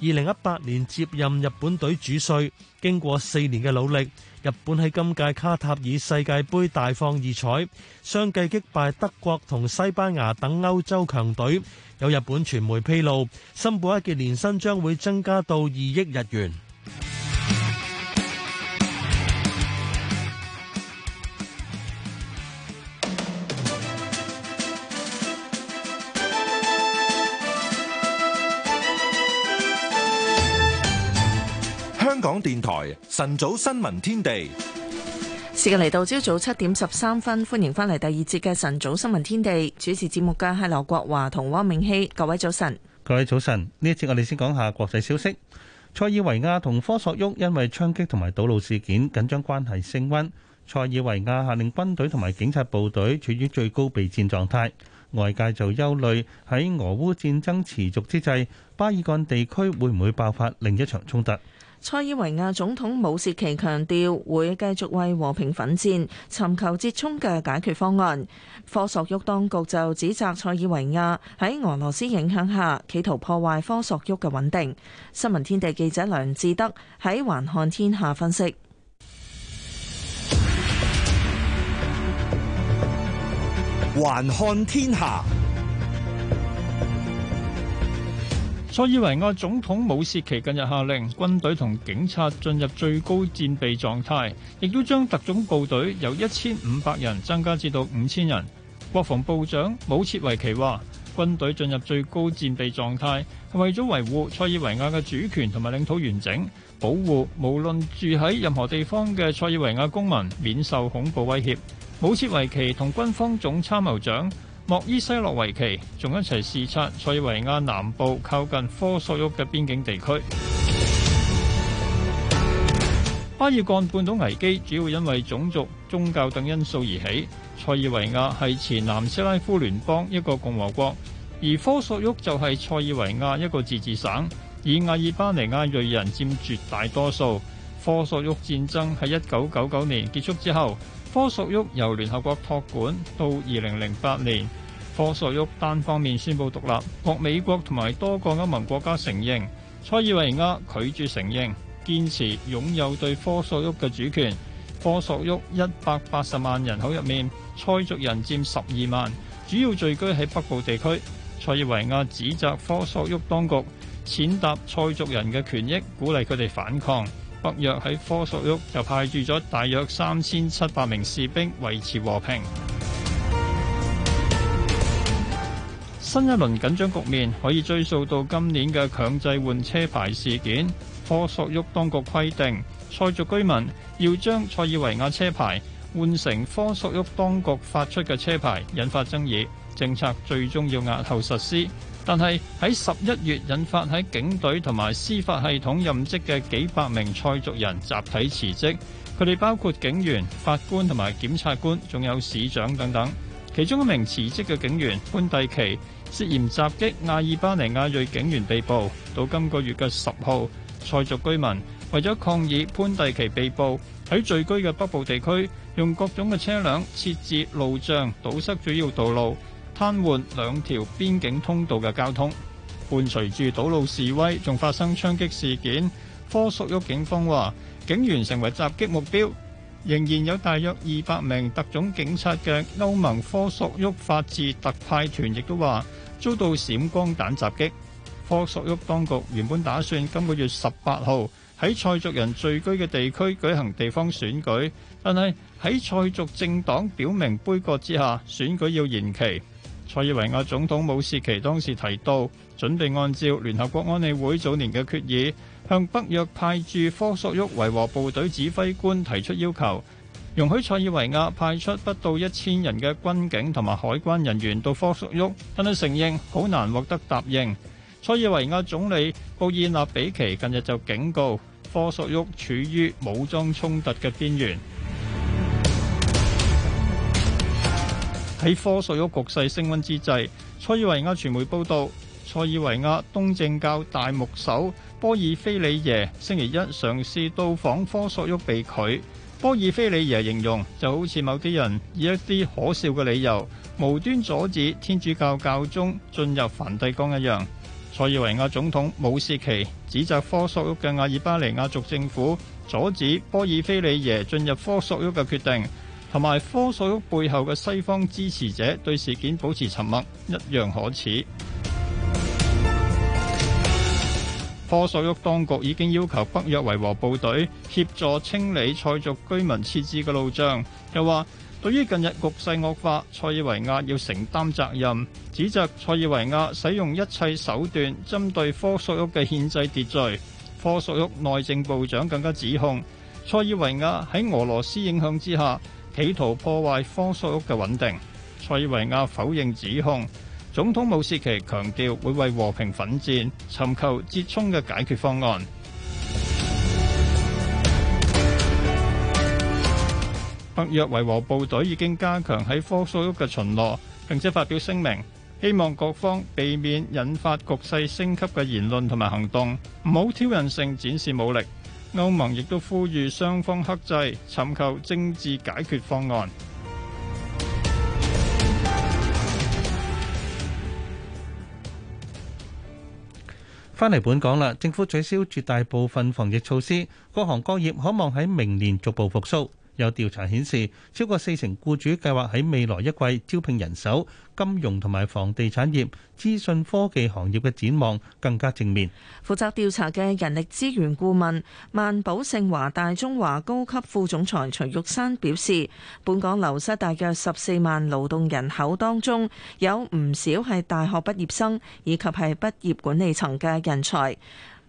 二零一八年接任日本隊主帥，經過四年嘅努力，日本喺今屆卡塔爾世界杯大放異彩，相繼擊敗德國同西班牙等歐洲強隊。有日本傳媒披露，森保一嘅年薪將會增加到二億日元。電台晨早新聞天地時間嚟到，朝早七點十三分，歡迎翻嚟第二節嘅晨早新聞天地。主持節目嘅係羅國華同汪明熙。各位早晨，各位早晨。呢一節我哋先講下國際消息。塞爾維亞同科索沃因為槍擊同埋堵路事件，緊張關係升溫。塞爾維亞下令軍隊同埋警察部隊處於最高備戰狀態，外界就憂慮喺俄烏戰爭持續之際，巴爾幹地區會唔會爆發另一場衝突。塞爾維亞總統武契奇強調會繼續為和平奮戰，尋求折衷嘅解決方案。科索沃當局就指責塞爾維亞喺俄羅斯影響下企圖破壞科索沃嘅穩定。新聞天地記者梁志德喺《環看天下》分析。環看天下。塞爾維亞總統武切奇近日下令軍隊同警察進入最高戰備狀態，亦都將特種部隊由一千五百人增加至到五千人。國防部長武切維奇話，軍隊進入最高戰備狀態係為咗維護塞爾維亞嘅主權同埋領土完整，保護無論住喺任何地方嘅塞爾維亞公民免受恐怖威脅。武切維奇同軍方總參謀長。莫伊西洛維奇仲一齊視察塞爾維亞南部靠近科索沃嘅邊境地區。巴爾幹半島危機主要因為種族、宗教等因素而起。塞爾維亞係前南斯拉夫聯邦一個共和國，而科索沃就係塞爾維亞一個自治省，以阿爾巴尼亞裔人佔絕大多數。科索沃戰爭喺一九九九年結束之後。科索沃由聯合國託管到二零零八年，科索沃單方面宣布獨立，獲美國同埋多個歐盟國家承認，塞爾維亞拒絕承認，堅持擁有對科索沃嘅主權。科索沃一百八十萬人口入面，塞族人佔十二萬，主要聚居喺北部地區。塞爾維亞指責科索沃當局踐踏塞族人嘅權益，鼓勵佢哋反抗。北約喺科索沃又派駐咗大約三千七百名士兵維持和平。 新一輪緊張局面可以追溯到今年嘅強制換車牌事件。科索沃當局規定，塞族居民要將塞爾維亞車牌換成科索沃當局發出嘅車牌，引發爭議。政策最終要押後實施。但係喺十一月引發，喺警隊同埋司法系統任職嘅幾百名塞族人集體辭職，佢哋包括警員、法官、同埋檢察官，仲有市長等等。其中一名辭職嘅警員潘蒂奇涉嫌襲擊阿爾巴尼亞裔警員被捕。到今個月嘅十號，塞族居民為咗抗議潘蒂奇被捕，喺聚居嘅北部地區用各種嘅車輛設置路障，堵塞主要道路。癱瘓兩條邊境通道嘅交通，伴隨住堵路示威，仲發生槍擊事件。科索沃警方話，警員成為襲擊目標，仍然有大約二百名特種警察嘅歐盟科索沃法治特派團亦都話遭到閃光彈襲擊。科索沃當局原本打算今個月十八號喺塞族人聚居嘅地區舉行地方選舉，但係喺塞族政黨表明杯葛之下，選舉要延期。塞爾維亞總統武契奇當時提到，準備按照聯合國安理會早年嘅決議，向北約派駐科索沃維和部隊指揮官提出要求，容許塞爾維亞派出不到一千人嘅軍警同埋海關人員到科索沃，但係承認好難獲得答應。塞爾維亞總理布爾納比奇近日就警告，科索沃處於武裝衝突嘅邊緣。喺科索沃局勢升溫之際，塞爾維亞傳媒報道，塞爾維亞東正教大牧首波爾菲里耶星期一嘗試到訪科索沃被拒。波爾菲里耶形容就好似某啲人以一啲可笑嘅理由無端阻止天主教教宗進入梵蒂岡一樣。塞爾維亞總統武斯奇指責科索沃嘅阿爾巴尼亞族政府阻止波爾菲里耶進入科索沃嘅決定。同埋科索沃背後嘅西方支持者對事件保持沉默一樣可恥。科索沃當局已經要求北約維和部隊協助清理塞族居民設置嘅路障，又話對於近日局勢惡化，塞爾維亞要承擔責任，指責塞爾維亞使用一切手段針對科索沃嘅憲制秩序。科索沃內政部長更加指控塞爾維亞喺俄羅斯影響之下。企圖破壞科索沃嘅穩定，塞爾維亞否認指控。總統武斯奇強調會為和平奮戰，尋求折衷嘅解決方案。 北約維和部隊已經加強喺科索沃嘅巡邏，並且發表聲明，希望各方避免引發局勢升級嘅言論同埋行動，唔好挑釁性展示武力。歐盟亦都呼籲雙方克制，尋求政治解決方案。返嚟本港啦，政府取消絕大部分防疫措施，各行各業可望喺明年逐步復蘇。有調查顯示，超過四成僱主計劃喺未來一季招聘人手，金融同埋房地產業、資訊科技行業嘅展望更加正面。負責調查嘅人力資源顧問萬寶盛華大中華高級副總裁徐玉山表示，本港流失大約十四萬勞動人口當中，有唔少係大學畢業生以及係畢業管理層嘅人才。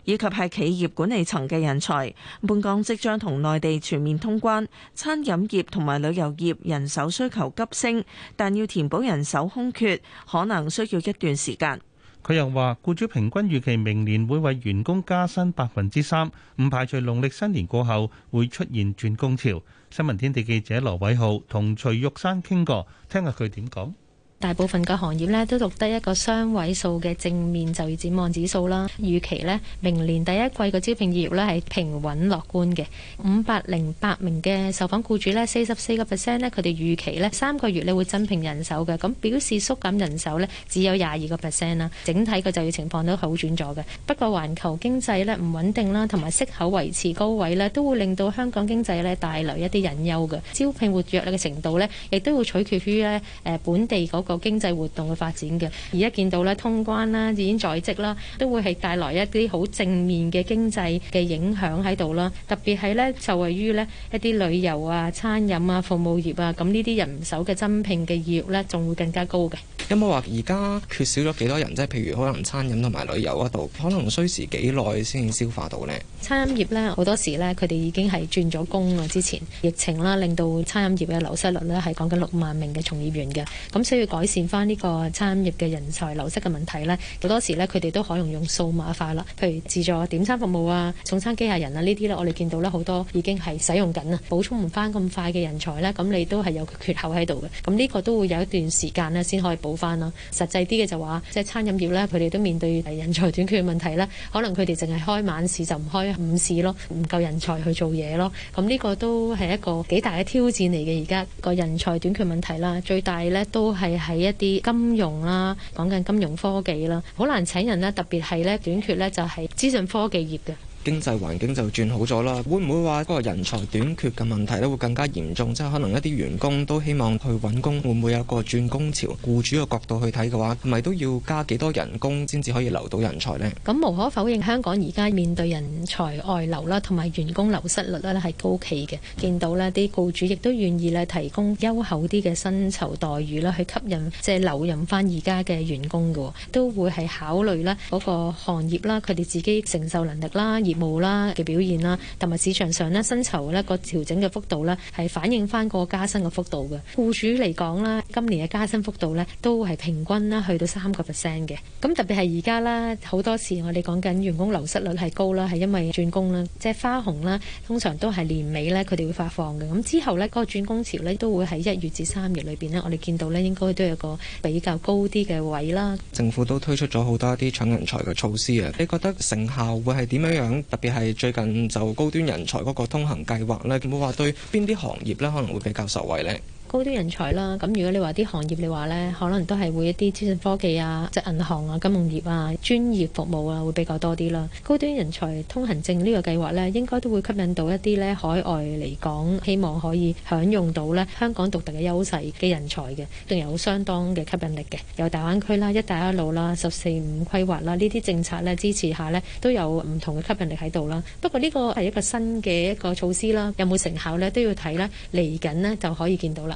以及係企業管理層嘅人才。本港即將同內地全面通關，餐飲業同埋旅遊業人手需求急升，但要填補人手空缺，可能需要一段時間。佢又話，僱主平均預期明年會為員工加薪百分之三，唔排除農曆新年過後會出現轉工潮。新聞天地記者羅偉浩同徐玉山傾過，聽下佢點講。大部分嘅行業呢都錄得一個雙位數嘅正面就業展望指數啦，預期呢，明年第一季嘅招聘業呢係平穩樂觀嘅，五百零八名嘅受訪僱主呢，四十四個 percent 呢，佢哋預期呢三個月呢會增聘人手嘅，咁表示縮減人手呢，只有廿二個 percent 啦，整體嘅就業情況都好轉咗嘅。不過環球經濟呢唔穩定啦，同埋息口維持高位呢，都會令到香港經濟呢帶來一啲隱憂嘅。招聘活躍嘅程度呢，亦都會取決於呢誒本地嗰。個經濟活動嘅發展嘅，而家見到咧通關啦，已經在職啦，都會係帶來一啲好正面嘅經濟嘅影響喺度啦。特別係咧，就位於呢一啲旅遊啊、餐飲啊、服務業啊，咁呢啲人手嘅增聘嘅業咧，仲會更加高嘅。有冇話而家缺少咗幾多人？即係譬如可能餐飲同埋旅遊嗰度，可能需時幾耐先消化到呢？餐飲業咧好多時咧，佢哋已經係轉咗工喇。之前疫情啦，令到餐飲業嘅流失率咧係講緊六萬名嘅從業員嘅，咁所以講。改善翻呢個餐業嘅人才流失嘅問題咧，好多時咧佢哋都可能用數碼化啦，譬如自助點餐服務啊、送餐機械人啊呢啲咧，我哋見到咧好多已經係使用緊啊，補充唔翻咁快嘅人才咧，咁你都係有缺口喺度嘅，咁呢個都會有一段時間咧先可以補翻咯。實際啲嘅就話，即係餐飲業咧，佢哋都面對人才短缺嘅問題咧，可能佢哋淨係開晚市就唔開午市咯，唔夠人才去做嘢咯，咁呢個都係一個幾大嘅挑戰嚟嘅。而家個人才短缺問題啦，最大咧都係。喺一啲金融啦，講緊金融科技啦，好難請人咧，特別係咧短缺咧，就係資訊科技業嘅。經濟環境就轉好咗啦，會唔會話嗰個人才短缺嘅問題咧會更加嚴重？即係可能一啲員工都希望去揾工，會唔會有個轉工潮？僱主嘅角度去睇嘅話，係咪都要加幾多人工先至可以留到人才呢？咁無可否認，香港而家面對人才外流啦，同埋員工流失率咧係高企嘅。見到呢啲僱主亦都願意咧提供優厚啲嘅薪酬待遇啦，去吸引即係、就是、留任翻而家嘅員工嘅，都會係考慮咧嗰個行業啦、佢哋自己承受能力啦而。冇啦嘅表現啦，同埋市場上呢薪酬呢個調整嘅幅度呢，係反映翻個加薪嘅幅度嘅。僱主嚟講啦，今年嘅加薪幅度呢，都係平均啦，去到三個 percent 嘅。咁特別係而家啦，好多時我哋講緊員工流失率係高啦，係因為轉工啦，即係花紅啦，通常都係年尾呢，佢哋會發放嘅。咁之後呢，嗰個轉工潮呢，都會喺一月至三月裏邊呢，我哋見到呢，應該都有個比較高啲嘅位啦。政府都推出咗好多啲搶人才嘅措施啊，你覺得成效會係點樣樣？特別係最近就高端人才嗰個通行計劃咧，有冇話對邊啲行業咧，可能會比較受惠咧？高端人才啦，咁如果你話啲行業，你話呢，可能都係會一啲資訊科技啊、即係銀行啊、金融業啊、專業服務啊，會比較多啲啦。高端人才通行證呢個計劃呢，應該都會吸引到一啲呢海外嚟講，希望可以享用到呢香港獨特嘅優勢嘅人才嘅，仲有相當嘅吸引力嘅。有大灣區啦、一帶一路啦、十四五規劃啦，呢啲政策呢支持下呢，都有唔同嘅吸引力喺度啦。不過呢個係一個新嘅一個措施啦，有冇成效呢？都要睇呢嚟緊呢就可以見到啦。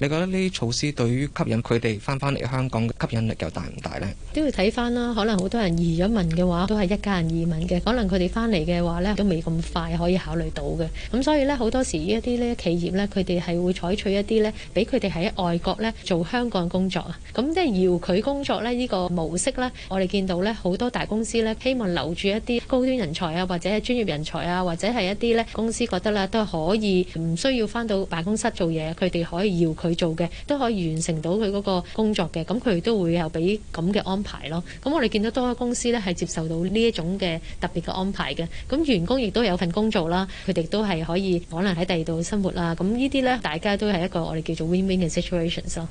你覺得呢啲措施對於吸引佢哋翻翻嚟香港嘅吸引力又大唔大呢？都要睇翻啦，可能好多人移咗民嘅話，都係一家人移民嘅。可能佢哋翻嚟嘅話呢，都未咁快可以考慮到嘅。咁所以呢，好多時一啲呢企業呢，佢哋係會採取一啲呢，俾佢哋喺外國呢做香港工作啊。咁即係遙距工作呢，呢個模式呢，我哋見到呢，好多大公司呢，希望留住一啲高端人才啊，或者係專業人才啊，或者係一啲呢公司覺得啦，都可以唔需要翻到辦公室做嘢，佢哋可以遙距。佢做嘅都可以完成到佢嗰個工作嘅，咁佢都會有俾咁嘅安排咯。咁我哋見到多個公司呢係接受到呢一種嘅特別嘅安排嘅，咁員工亦都有份工作啦，佢哋都係可以可能喺第二度生活啦。咁呢啲呢，大家都係一個我哋叫做 win-win 嘅 situations 咯。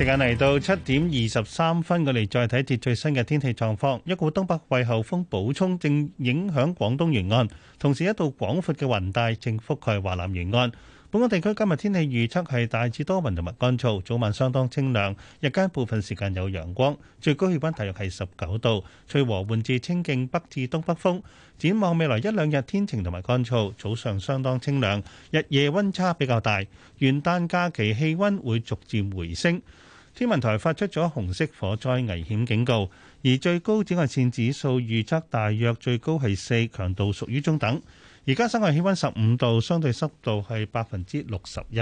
時間嚟到七點二十三分，我哋再睇一啲最新嘅天氣狀況。一股東北季候風補充正影響廣東沿岸，同時一道廣闊嘅雲帶正覆蓋華南沿岸。本港地區今日天氣預測係大致多雲同埋乾燥，早晚相當清涼，日間部分時間有陽光，最高氣溫大約係十九度，吹和緩至清勁北至東北風。展望未來一兩日天晴同埋乾燥，早上相當清涼，日夜溫差比較大。元旦假期氣溫會逐漸回升。天文台發出咗紅色火災危險警告，而最高紫外線指數預測大約最高係四，強度屬於中等。而家室外氣溫十五度，相對濕度係百分之六十一。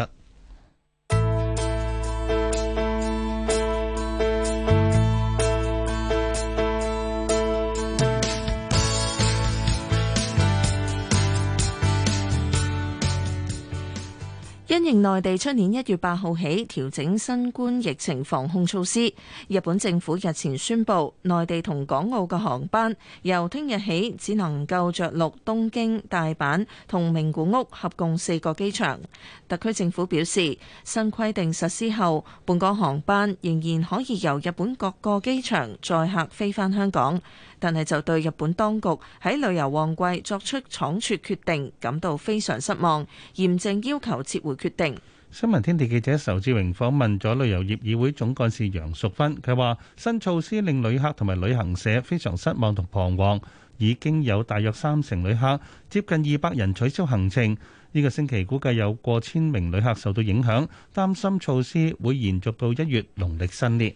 歡迎內地出年一月八號起調整新冠疫情防控措施。日本政府日前宣佈，內地同港澳嘅航班由聽日起只能夠着陸東京、大阪同名古屋合共四個機場。特區政府表示，新規定實施後，本港航班仍然可以由日本各個機場載客飛返香港。但係就對日本當局喺旅遊旺季作出倉促決，決定感到非常失望，嚴正要求撤回決定。新聞天地記者仇志榮訪問咗旅遊業議會總幹事楊淑芬，佢話：新措施令旅客同埋旅行社非常失望同彷徨，已經有大約三成旅客接近二百人取消行程。呢、這個星期估計有過千名旅客受到影響，擔心措施會延續到一月農曆新年。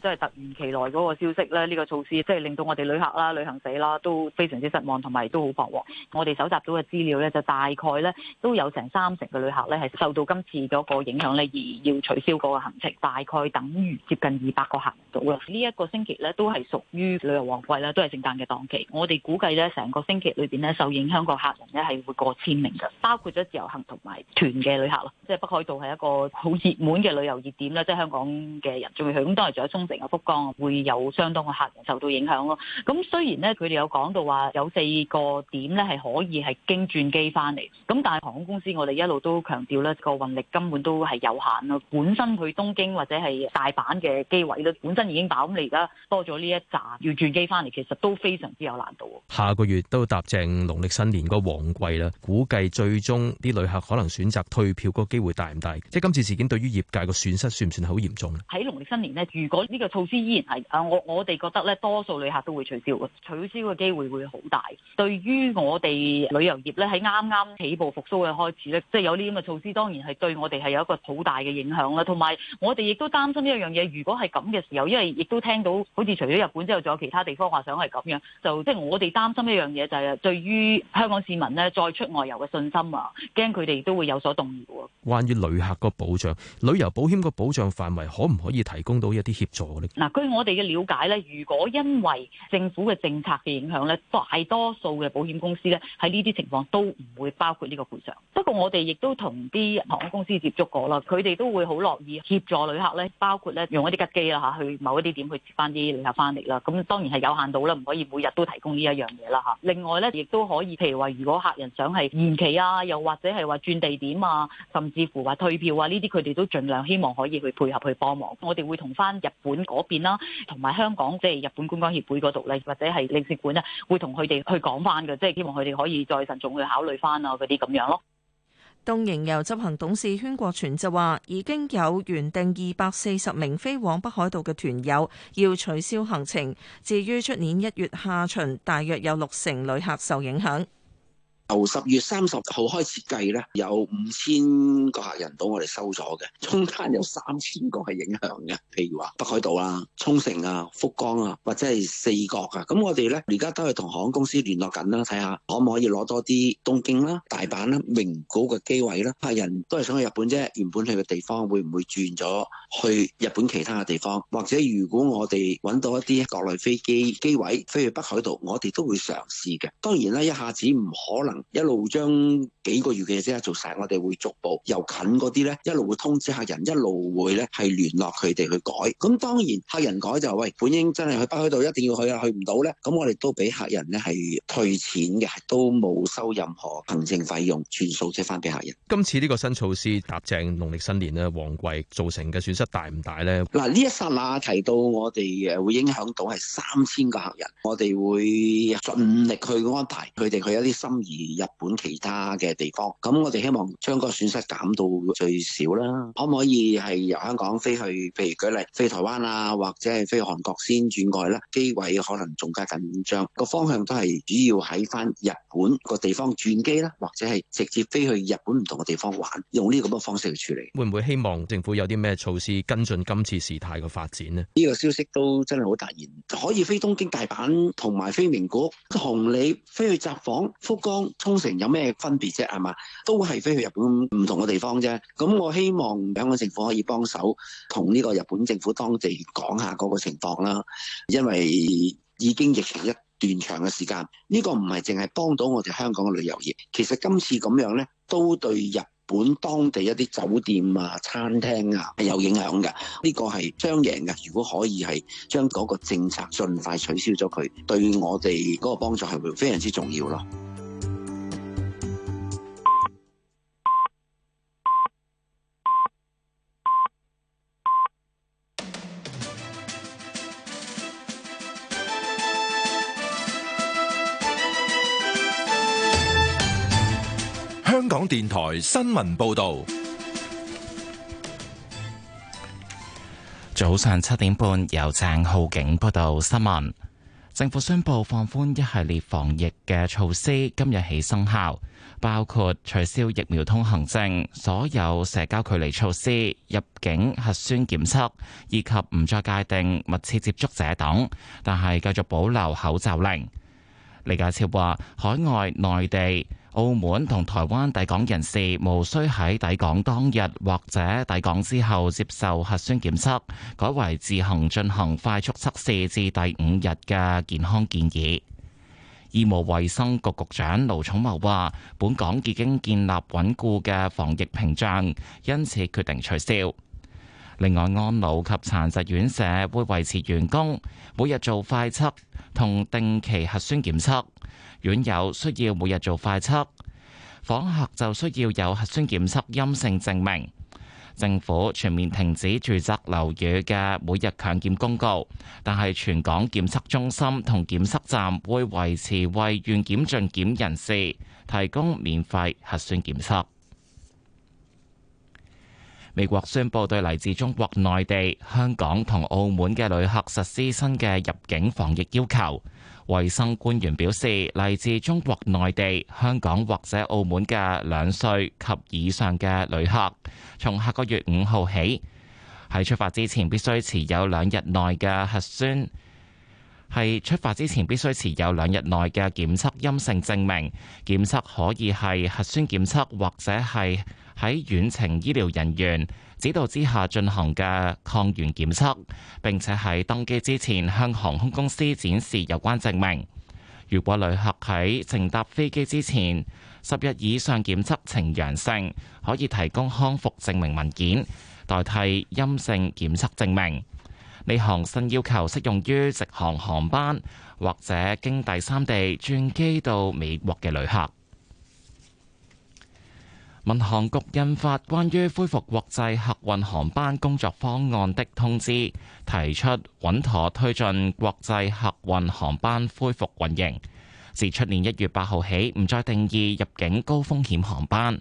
即係突然其來嗰個消息咧，呢個措施即係令到我哋旅客啦、旅行社啦都非常之失望，同埋都好彷徨。我哋搜集到嘅資料咧，就大概咧都有成三成嘅旅客咧係受到今次嗰個影響咧而要取消嗰個行程，大概等於接近二百個客人到啦。呢一個星期咧都係屬於旅遊旺季啦，都係聖誕嘅檔期。我哋估計咧成個星期裏邊咧受影響個客人咧係會過千名㗎，包括咗自由行同埋團嘅旅客咯。即係北海道係一個好熱門嘅旅遊熱點啦，即係香港嘅人仲要去，咁都係仲有中。成個福岡會有相當嘅客人受到影響咯。咁雖然咧，佢哋有講到話有四個點咧，係可以係經轉機翻嚟。咁但係航空公司，我哋一路都強調咧，個運力根本都係有限咯。本身去東京或者係大阪嘅機位都本身已經飽，咁你而家多咗呢一站要轉機翻嚟，其實都非常之有難度。下個月都搭正農曆新年個旺季啦，估計最終啲旅客可能選擇退票個機會大唔大？即係今次事件對於業界個損失算唔算好嚴重咧？喺農曆新年呢，如果呢？呢個措施依然係啊，我我哋覺得咧，多數旅客都會取消嘅，取消嘅機會會好大。對於我哋旅遊業咧，喺啱啱起步復蘇嘅開始咧，即係有呢啲咁嘅措施，當然係對我哋係有一個好大嘅影響啦。同埋我哋亦都擔心呢一樣嘢，如果係咁嘅時候，因為亦都聽到好似除咗日本之後仲有其他地方話想係咁樣，就即係我哋擔心一樣嘢，就係對於香港市民咧，再出外遊嘅信心啊，驚佢哋都會有所動搖啊。關於旅客個保障，旅遊保險個保障範圍可唔可以提供到一啲協助？嗱，據我哋嘅了解咧，如果因為政府嘅政策嘅影響咧，大多數嘅保險公司咧，喺呢啲情況都唔會包括呢個賠償。不過我哋亦都同啲航空公司接觸過啦，佢哋都會好樂意協助旅客咧，包括咧用一啲吉機啦嚇，去某一啲點去接翻啲旅客翻嚟啦。咁當然係有限度啦，唔可以每日都提供呢一樣嘢啦嚇。另外咧，亦都可以譬如話，如果客人想係延期啊，又或者係話轉地點啊，甚至乎話退票啊，呢啲佢哋都盡量希望可以去配合去幫忙。我哋會同翻日本。嗰邊啦，同埋香港即係日本觀光協會嗰度咧，或者係領事館咧，會同佢哋去講翻嘅，即係希望佢哋可以再慎重去考慮翻啊，嗰啲咁樣咯。東瀛遊執行董事禤國全就話，已經有原定二百四十名飛往北海道嘅團友要取消行程，至於出年一月下旬，大約有六成旅客受影響。由十月三十號開始計呢，有五千個客人到我哋收咗嘅，中間有三千個係影響嘅，譬如話北海道啦、啊、沖繩啊、福岡啊，或者係四國啊。咁我哋呢，而家都係同航空公司聯絡緊啦，睇下可唔可以攞多啲東京啦、啊、大阪啦、啊、名古嘅機位啦、啊。客人都係想去日本啫，原本去嘅地方會唔會轉咗去日本其他嘅地方？或者如果我哋揾到一啲國內飛機機位飛去北海道，我哋都會嘗試嘅。當然啦，一下子唔可能。一路將幾個月嘅嘢先做晒，我哋會逐步由近嗰啲咧，一路會通知客人，一路會咧係聯絡佢哋去改。咁當然客人改就係，喂，本應真係去北海道一定要去啊，去唔到咧，咁我哋都俾客人咧係退錢嘅，都冇收任何行政費用，全數即翻俾客人。今次呢個新措施搭正農曆新年咧旺季造成嘅損失大唔大咧？嗱，呢一剎那提到我哋誒會影響到係三千個客人，我哋會盡力去安排佢哋去一啲心意，日本其他嘅地方，咁我哋希望將個損失減到最少啦。可唔可以係由香港飛去？譬如舉例飛台灣啊，或者係飛韓國先轉外啦。機位可能仲加緊張。個方向都係主要喺返日本個地方轉機啦，或者係直接飛去日本唔同嘅地方玩，用呢個咁嘅方式去處理。會唔會希望政府有啲咩措施跟進今次事態嘅發展呢？呢個消息都真係好突然，可以飛東京、大阪同埋飛名古，同你飛去札幌、福岡。沖繩有咩分別啫？係嘛，都係飛去日本唔同嘅地方啫。咁我希望香港政府可以幫手同呢個日本政府當地講下嗰個情況啦。因為已經疫情一段長嘅時間，呢個唔係淨係幫到我哋香港嘅旅遊業，其實今次咁樣呢，都對日本當地一啲酒店啊、餐廳啊係有影響嘅。呢個係雙贏嘅。如果可以係將嗰個政策盡快取消咗佢，對我哋嗰個幫助係會非常之重要咯。香港電台新聞報道，早上七點半由鄭浩景報道新聞。政府宣布放寬一系列防疫嘅措施，今日起生效，包括取消疫苗通行證、所有社交距離措施、入境核酸檢測以及唔再界定密切接觸者等，但係繼續保留口罩令。李家超話：海外、內地。澳門同台灣抵港人士無需喺抵港當日或者抵港之後接受核酸檢測，改為自行進行快速測試至第五日嘅健康建議。醫務衛生局局長盧寵茂話，本港已經建立穩固嘅防疫屏障，因此決定取消。另外，安老及殘疾院舍會維持員工每日做快測同定期核酸檢測。院友需要每日做快測，訪客就需要有核酸檢測陰性證明。政府全面停止住宅樓宇嘅每日強檢公告，但係全港檢測中心同檢測站會維持為願檢盡檢人士提供免費核酸檢測。美國宣布對嚟自中國內地、香港同澳門嘅旅客實施新嘅入境防疫要求。衛生官員表示，嚟自中國內地、香港或者澳門嘅兩歲及以上嘅旅客，從下個月五號起，喺出發之前必須持有兩日內嘅核酸。喺出發之前必須持有兩日內嘅檢測陰性證明，檢測可以係核酸檢測或者係。喺遠程醫療人員指導之下進行嘅抗原檢測，並且喺登機之前向航空公司展示有關證明。如果旅客喺乘搭飛機之前十日以上檢測呈陽性，可以提供康復證明文件代替陰性檢測證明。呢項新要求適用於直航航班或者經第三地轉機到美國嘅旅客。民航局印發關於恢復國際客運航班工作方案的通知，提出穩妥推進國際客運航班恢復運營，自出年一月八號起，唔再定義入境高風險航班，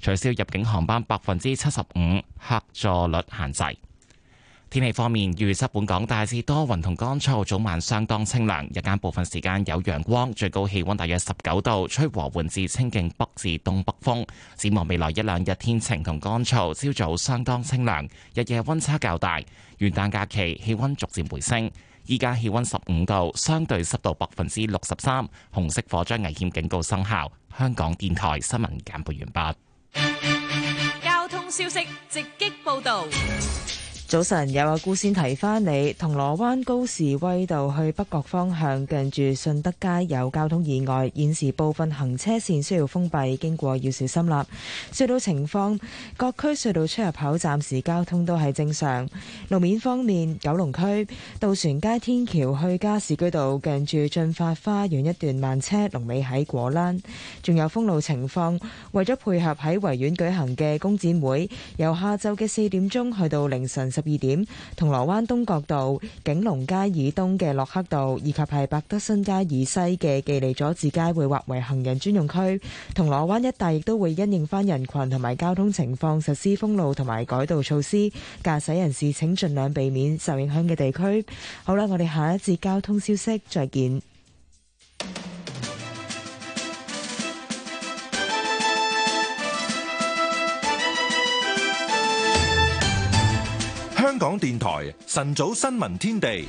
取消入境航班百分之七十五客座率限制。天氣方面，預測本港大致多雲同乾燥，早晚相當清涼，日間部分時間有陽光，最高氣溫大約十九度，吹和緩至清勁北至東北風。展望未來一兩日天晴同乾燥，朝早相當清涼，日夜溫差較大。元旦假期氣溫逐漸回升，依家氣溫十五度，相對濕度百分之六十三，紅色火災危險警告生效。香港電台新聞簡報完畢。交通消息直擊報道。早晨，有阿、啊、姑先提翻你，銅鑼灣高士威道去北角方向，近住順德街有交通意外，現時部分行車線需要封閉，經過要小心啦。隧道情況，各區隧道出入口暫時交通都係正常。路面方面，九龍區渡船街天橋去加士居道，近住駿發花園一段慢車，龍尾喺果欄，仲有封路情況。為咗配合喺維園舉行嘅工展會，由下晝嘅四點鐘去到凌晨。十二點，銅鑼灣東角道、景隆街以東嘅洛克道，以及係百德新街以西嘅記利佐治街會劃為行人專用區。銅鑼灣一帶亦都會因應翻人群同埋交通情況，實施封路同埋改道措施。駕駛人士請盡量避免受影響嘅地區。好啦，我哋下一節交通消息再見。香港電台晨早新聞天地，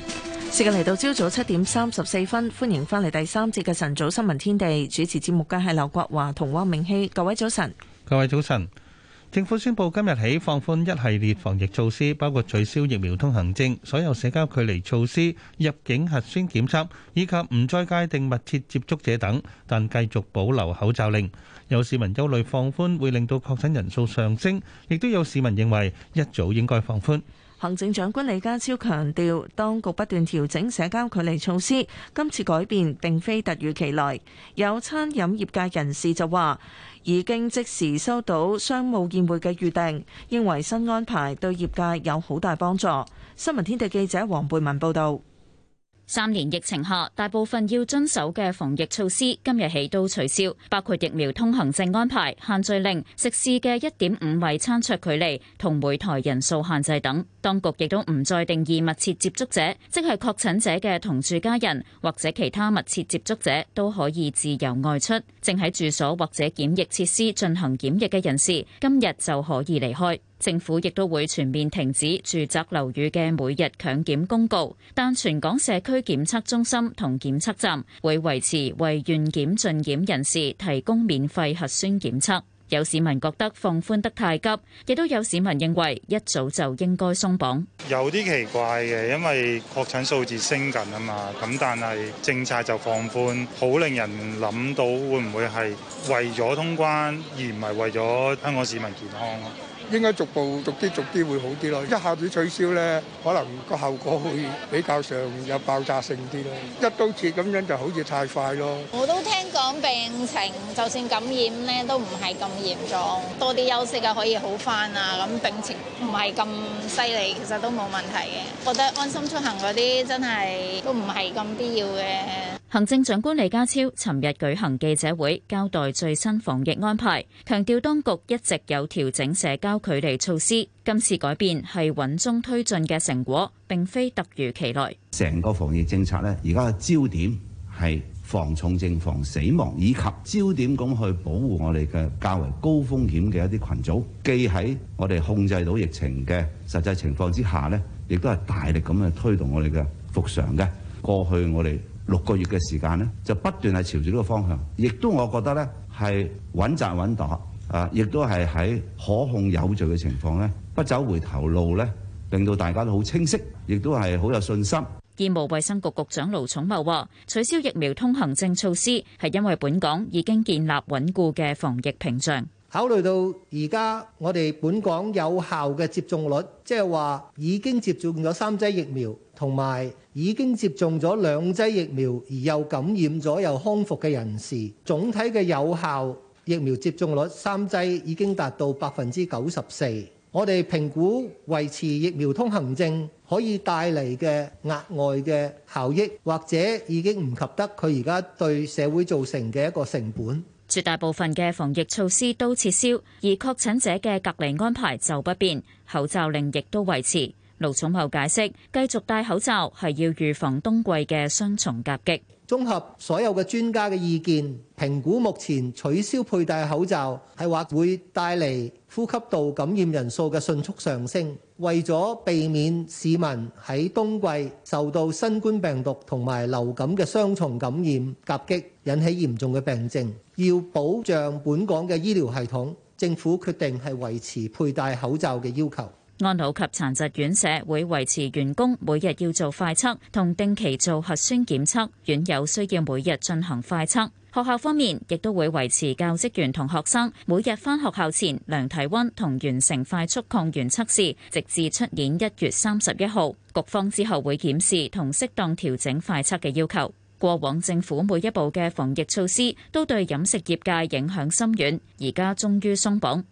時間嚟到朝早七點三十四分，歡迎翻嚟第三節嘅晨早新聞天地，主持節目嘅係劉國華同汪明熙，各位早晨，各位早晨。政府宣布今日起放寬一系列防疫措施，包括取消疫苗通行證、所有社交距離措施、入境核酸檢測以及唔再界定密切接觸者等，但繼續保留口罩令。有市民憂慮放寬會令到確診人數上升，亦都有市民認為一早應該放寬。行政長官李家超強調，當局不斷調整社交距離措施，今次改變並非突如其來。有餐飲業界人士就話，已經即時收到商務宴會嘅預訂，認為新安排對業界有好大幫助。新聞天地記者黃貝文報道。三年疫情下，大部分要遵守嘅防疫措施今日起都取消，包括疫苗通行證安排、限聚令、食肆嘅一點五米餐桌距離同每台人數限制等。當局亦都唔再定義密切接觸者，即係確診者嘅同住家人或者其他密切接觸者都可以自由外出。正喺住所或者檢疫設施進行檢疫嘅人士，今日就可以離開。政府亦都會全面停止住宅樓宇嘅每日強檢公告，但全港社區檢測中心同檢測站會維持為願檢盡檢人士提供免費核酸檢測。有市民覺得放寬得太急，亦都有市民認為一早就應該鬆綁。有啲奇怪嘅，因為確診數字升緊啊嘛，咁但係政策就放寬，好令人諗到會唔會係為咗通關而唔係為咗香港市民健康咯？應該逐步逐啲逐啲會好啲咯，一下子取消咧，可能個效果會比較上有爆炸性啲咯。一刀切咁樣就好似太快咯。我都聽講病情，就算感染咧都唔係咁嚴重，多啲休息啊可以好返啊，咁病情唔係咁犀利，其實都冇問題嘅。覺得安心出行嗰啲真係都唔係咁必要嘅。行政長官李家超尋日舉行記者會，交代最新防疫安排，強調當局一直有調整社交。佢哋措施今次改變係穩中推進嘅成果，並非突如其來。成個防疫政策咧，而家嘅焦點係防重症、防死亡，以及焦點咁去保護我哋嘅較為高風險嘅一啲群組。既喺我哋控制到疫情嘅實際情況之下咧，亦都係大力咁去推動我哋嘅復常嘅。過去我哋六個月嘅時間咧，就不斷係朝住呢個方向，亦都我覺得咧係穩紮穩打。啊！亦都係喺可控有序嘅情況呢，不走回頭路呢，令到大家都好清晰，亦都係好有信心。醫務衛生局局長盧寵茂話：取消疫苗通行證措施係因為本港已經建立穩固嘅防疫屏障。考慮到而家我哋本港有效嘅接種率，即係話已經接種咗三劑疫苗，同埋已經接種咗兩劑疫苗而又感染咗又康復嘅人士，總體嘅有效疫苗接種率三劑已經達到百分之九十四，我哋評估維持疫苗通行證可以帶嚟嘅額外嘅效益，或者已經唔及得佢而家對社會造成嘅一個成本。絕大部分嘅防疫措施都撤銷，而確診者嘅隔離安排就不變，口罩令亦都維持。盧寵茂解釋，繼續戴口罩係要預防冬季嘅雙重夾擊。綜合所有嘅專家嘅意見，評估目前取消佩戴口罩係話會帶嚟呼吸道感染人數嘅迅速上升。為咗避免市民喺冬季受到新冠病毒同埋流感嘅雙重感染夾擊，引起嚴重嘅病症，要保障本港嘅醫療系統，政府決定係維持佩戴口罩嘅要求。安老及殘疾院舍會維持員工每日要做快測同定期做核酸檢測，院友需要每日進行快測。學校方面亦都會維持教職員同學生每日返學校前量體温同完成快速抗原測試，直至出年一月三十一號。局方之後會檢視同適當調整快測嘅要求。過往政府每一步嘅防疫措施都對飲食業界影響深遠，而家終於鬆綁。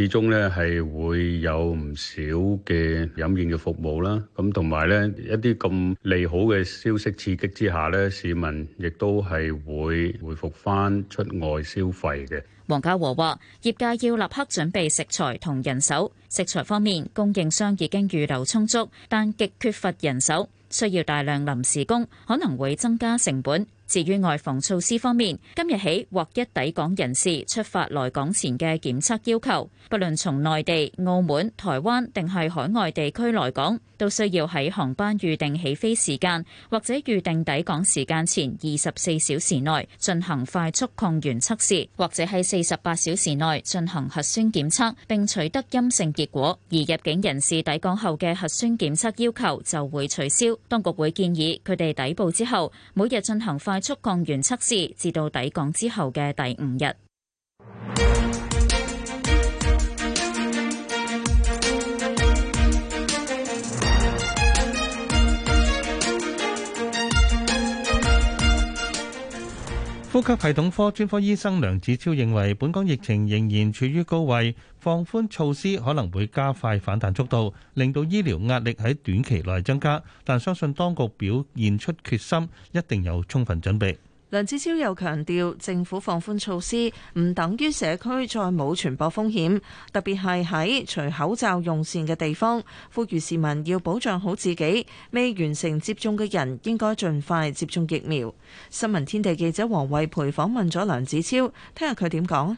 始終呢係會有唔少嘅飲宴嘅服務啦，咁同埋呢，一啲咁利好嘅消息刺激之下，呢市民亦都係會回復翻出外消費嘅。黃家和話：業界要立刻準備食材同人手。食材方面，供應商已經預留充足，但極缺乏人手，需要大量臨時工，可能會增加成本。至於外防措施方面，今日起劃一抵港人士出發來港前嘅檢測要求，不論從內地、澳門、台灣定係海外地區來港，都需要喺航班預定起飛時間或者預定抵港時間前二十四小時內進行快速抗原測試，或者喺四十八小時內進行核酸檢測並取得陰性結果。而入境人士抵港後嘅核酸檢測要求就會取消，當局會建議佢哋抵埗之後每日進行快速降完測試，至到抵港之後嘅第五日。呼吸系統科專科醫生梁子超認為，本港疫情仍然處於高位，放寬措施可能會加快反彈速度，令到醫療壓力喺短期內增加。但相信當局表現出決心，一定有充分準備。梁子超又強調，政府放寬措施唔等於社區再冇傳播風險，特別係喺除口罩用膳嘅地方，呼籲市民要保障好自己，未完成接種嘅人應該盡快接種疫苗。新聞天地記者黃慧培訪問咗梁子超，聽下佢點講。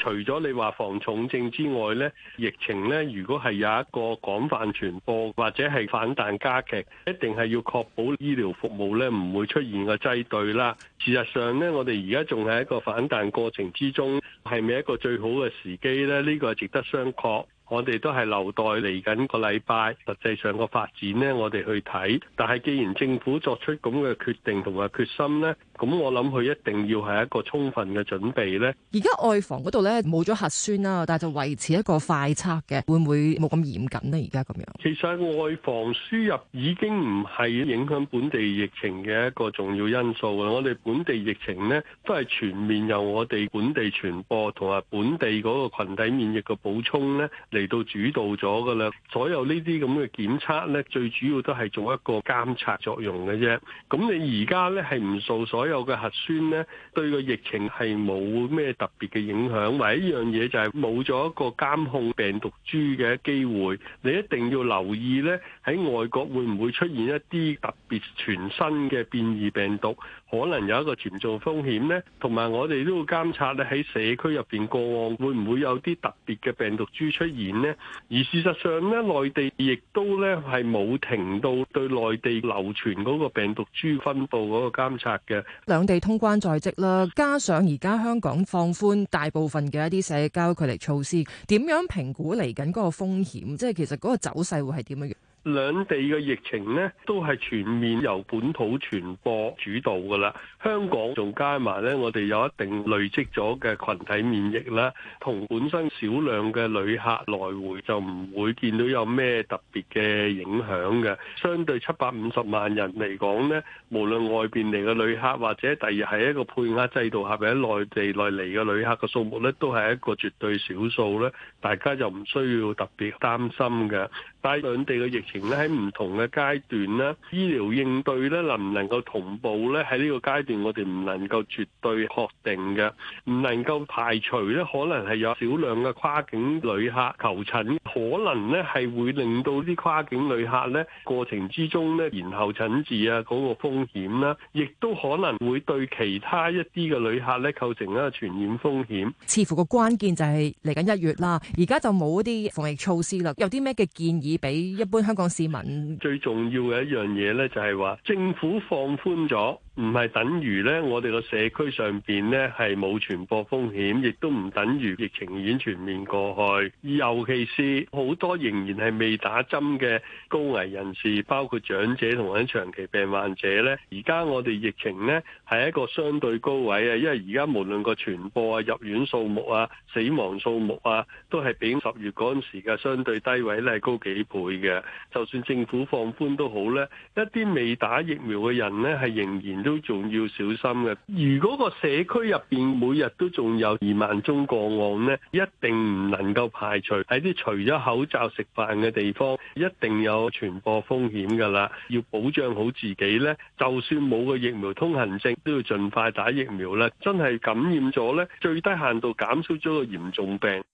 除咗你話防重症之外咧，疫情咧，如果係有一個廣泛傳播或者係反彈加劇，一定係要確保醫療服務咧唔會出現個擠兌啦。事實上咧，我哋而家仲係一個反彈過程之中，係咪一個最好嘅時機咧？呢個係值得商榷。我哋都係留待嚟緊個禮拜實際上個發展咧，我哋去睇。但係既然政府作出咁嘅決定同埋決心咧，咁我諗佢一定要係一個充分嘅準備呢。而家外防嗰度呢，冇咗核酸啦，但係就維持一個快測嘅，會唔會冇咁嚴謹呢？而家咁樣？其實外防輸入已經唔係影響本地疫情嘅一個重要因素啦。我哋本地疫情呢，都係全面由我哋本地傳播同埋本地嗰個群體免疫嘅補充呢嚟到主導咗噶啦。所有呢啲咁嘅檢測呢，最主要都係做一個監察作用嘅啫。咁你而家呢，係唔掃所謂。有嘅核酸咧，對個疫情係冇咩特別嘅影響，唯一一樣嘢就係冇咗一個監控病毒株嘅機會，你一定要留意咧。喺外國會唔會出現一啲特別全新嘅變異病毒，可能有一個傳種風險咧？同埋我哋都要監察咧，喺社區入邊過往會唔會有啲特別嘅病毒株出現咧？而事實上咧，內地亦都咧係冇停到對內地流傳嗰個病毒株分佈嗰個監察嘅。兩地通關在即啦，加上而家香港放寬大部分嘅一啲社交距離措施，點樣評估嚟緊嗰個風險？即係其實嗰個走勢會係點樣樣？兩地嘅疫情呢，都係全面由本土傳播主導嘅啦。香港仲加埋呢，我哋有一定累積咗嘅群體免疫啦，同本身少量嘅旅客來回就唔會見到有咩特別嘅影響嘅。相對七百五十萬人嚟講呢，無論外邊嚟嘅旅客或者第二係一個配額制度下，或者喺內地來嚟嘅旅客嘅數目呢，都係一個絕對少數呢，大家就唔需要特別擔心嘅。但係兩地嘅疫情咧，喺唔同嘅階段咧，醫療應對咧，能唔能夠同步咧？喺呢個階段，我哋唔能夠絕對確定嘅，唔能夠排除咧，可能係有少量嘅跨境旅客求診，可能咧係會令到啲跨境旅客咧過程之中咧延後診治啊，嗰個風險啦，亦都可能會對其他一啲嘅旅客咧構成一個傳染風險。似乎個關鍵就係嚟緊一月啦，而家就冇嗰啲防疫措施啦，有啲咩嘅建議？以俾一般香港市民最重要嘅一樣嘢咧，就係話政府放寬咗。唔係等於呢，我哋個社區上邊呢係冇傳播風險，亦都唔等於疫情已經全面過去。尤其是好多仍然係未打針嘅高危人士，包括長者同埋啲長期病患者呢。而家我哋疫情呢係一個相對高位啊，因為而家無論個傳播啊、入院數目啊、死亡數目啊，都係比十月嗰陣時嘅相對低位呢係高幾倍嘅。就算政府放寬都好呢，一啲未打疫苗嘅人呢係仍然都仲要小心嘅。如果個社區入邊每日都仲有二萬宗個案呢，一定唔能夠排除喺啲除咗口罩食飯嘅地方一定有傳播風險噶啦。要保障好自己呢，就算冇個疫苗通行證，都要盡快打疫苗啦。真係感染咗呢，最低限度減少咗個嚴重病。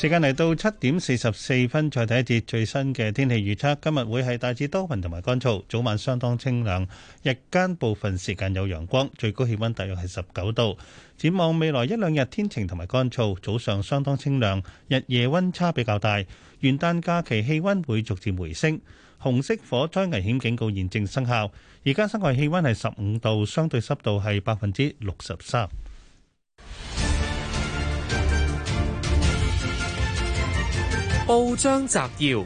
時間嚟到七點四十四分，再睇一節最新嘅天氣預測。今日會係大致多雲同埋乾燥，早晚相當清涼，日間部分時間有陽光，最高氣温大約係十九度。展望未來一兩日天晴同埋乾燥，早上相當清涼，日夜温差比較大。元旦假期氣温會逐漸回升。紅色火災危險警告現正生效。而家室外氣温係十五度，相對濕度係百分之六十三。報章摘要：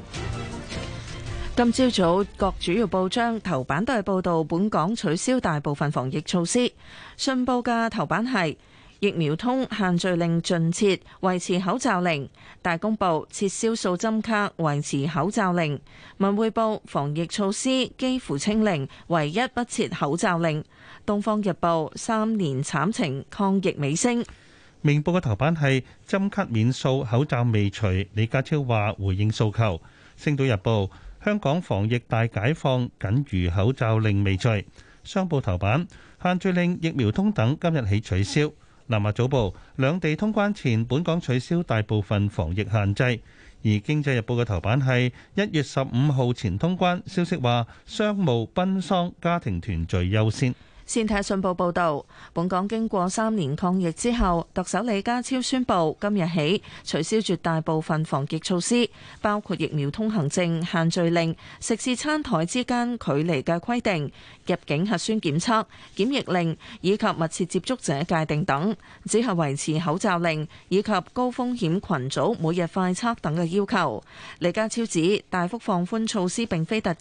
今朝早，早各主要報章頭版都係報道本港取消大部分防疫措施。信報嘅頭版係疫苗通限聚令盡撤，維持口罩令；大公報撤銷數針卡，維持口罩令；文匯報防疫措施幾乎清零，唯一不撤口罩令；東方日報三年慘情，抗疫尾聲。明報嘅頭版係針卡免掃口罩未除，李家超話回應訴求。星島日報：香港防疫大解放僅餘口罩令未除。商報頭版，限聚令疫苗通等今日起取消。南華早報：兩地通關前，本港取消大部分防疫限制。而經濟日報嘅頭版係一月十五號前通關，消息話，商務、奔喪、家庭團聚優先。先睇信報報導，本港經過三年抗疫之後，特首李家超宣布今日起取消絕大部分防疫措施，包括疫苗通行證、限聚令、食肆餐台之間距離嘅規定、入境核酸檢測、檢疫令以及密切接觸者界定等，只係維持口罩令以及高風險群組每日快測等嘅要求。李家超指大幅放寬措施並非突然，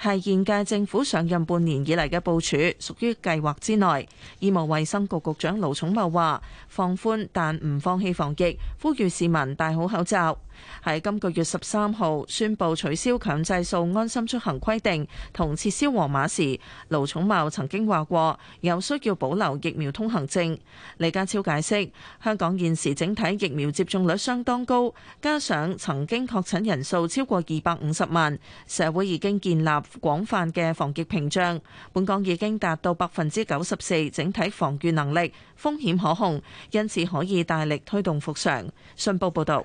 係現屆政府上任半年以嚟嘅部署，屬於計劃之內，醫務衛生局局長盧寵茂話：放寬，但唔放棄防疫，呼籲市民戴好口罩。喺今個月十三號宣布取消強制掃安心出行規定同撤銷黃碼時，盧寵茂曾經話過有需要保留疫苗通行證。李家超解釋，香港現時整體疫苗接種率相當高，加上曾經確診人數超過二百五十萬，社會已經建立廣泛嘅防疫屏障。本港已經達到百分之九十四整體防禦能力，風險可控，因此可以大力推動復常。信報報導。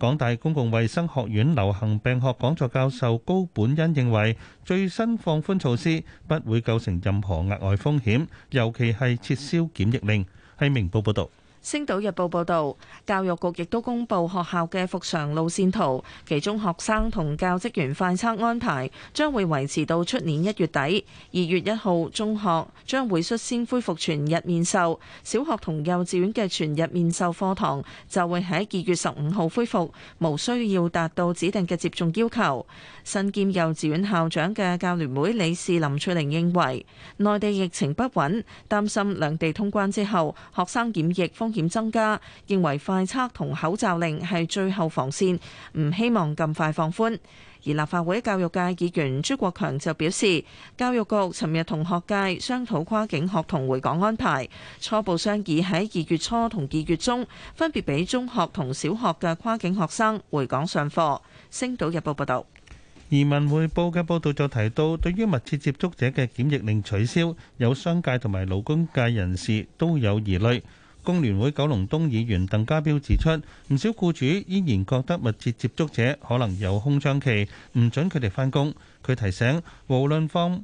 港大公共衛生學院流行病學講座教授高本恩認為，最新放寬措施不會構成任何額外風險，尤其係撤銷檢疫令。喺明報報道。《星島日報》報導，教育局亦都公布學校嘅復常路線圖，其中學生同教職員快測安排將會維持到出年一月底。二月一號，中學將會率先恢復全日面授，小學同幼稚園嘅全日面授課堂就會喺二月十五號恢復，無需要達到指定嘅接種要求。新劍幼稚園校長嘅教聯會理事林翠玲認為，內地疫情不穩，擔心兩地通關之後學生檢疫方險增加，認為快測同口罩令係最後防線，唔希望咁快放寬。而立法會教育界議員朱國強就表示，教育局尋日同學界商討跨境學童回港安排，初步商議喺二月初同二月中分別俾中學同小學嘅跨境學生回港上課。星島日報報道，而文匯報嘅報道就提到，對於密切接觸者嘅檢疫令取消，有商界同埋勞工界人士都有疑慮。工聯會九龍東議員鄧家彪指出，唔少雇主依然覺得密切接觸者可能有空窗期，唔准佢哋返工。佢提醒，無論放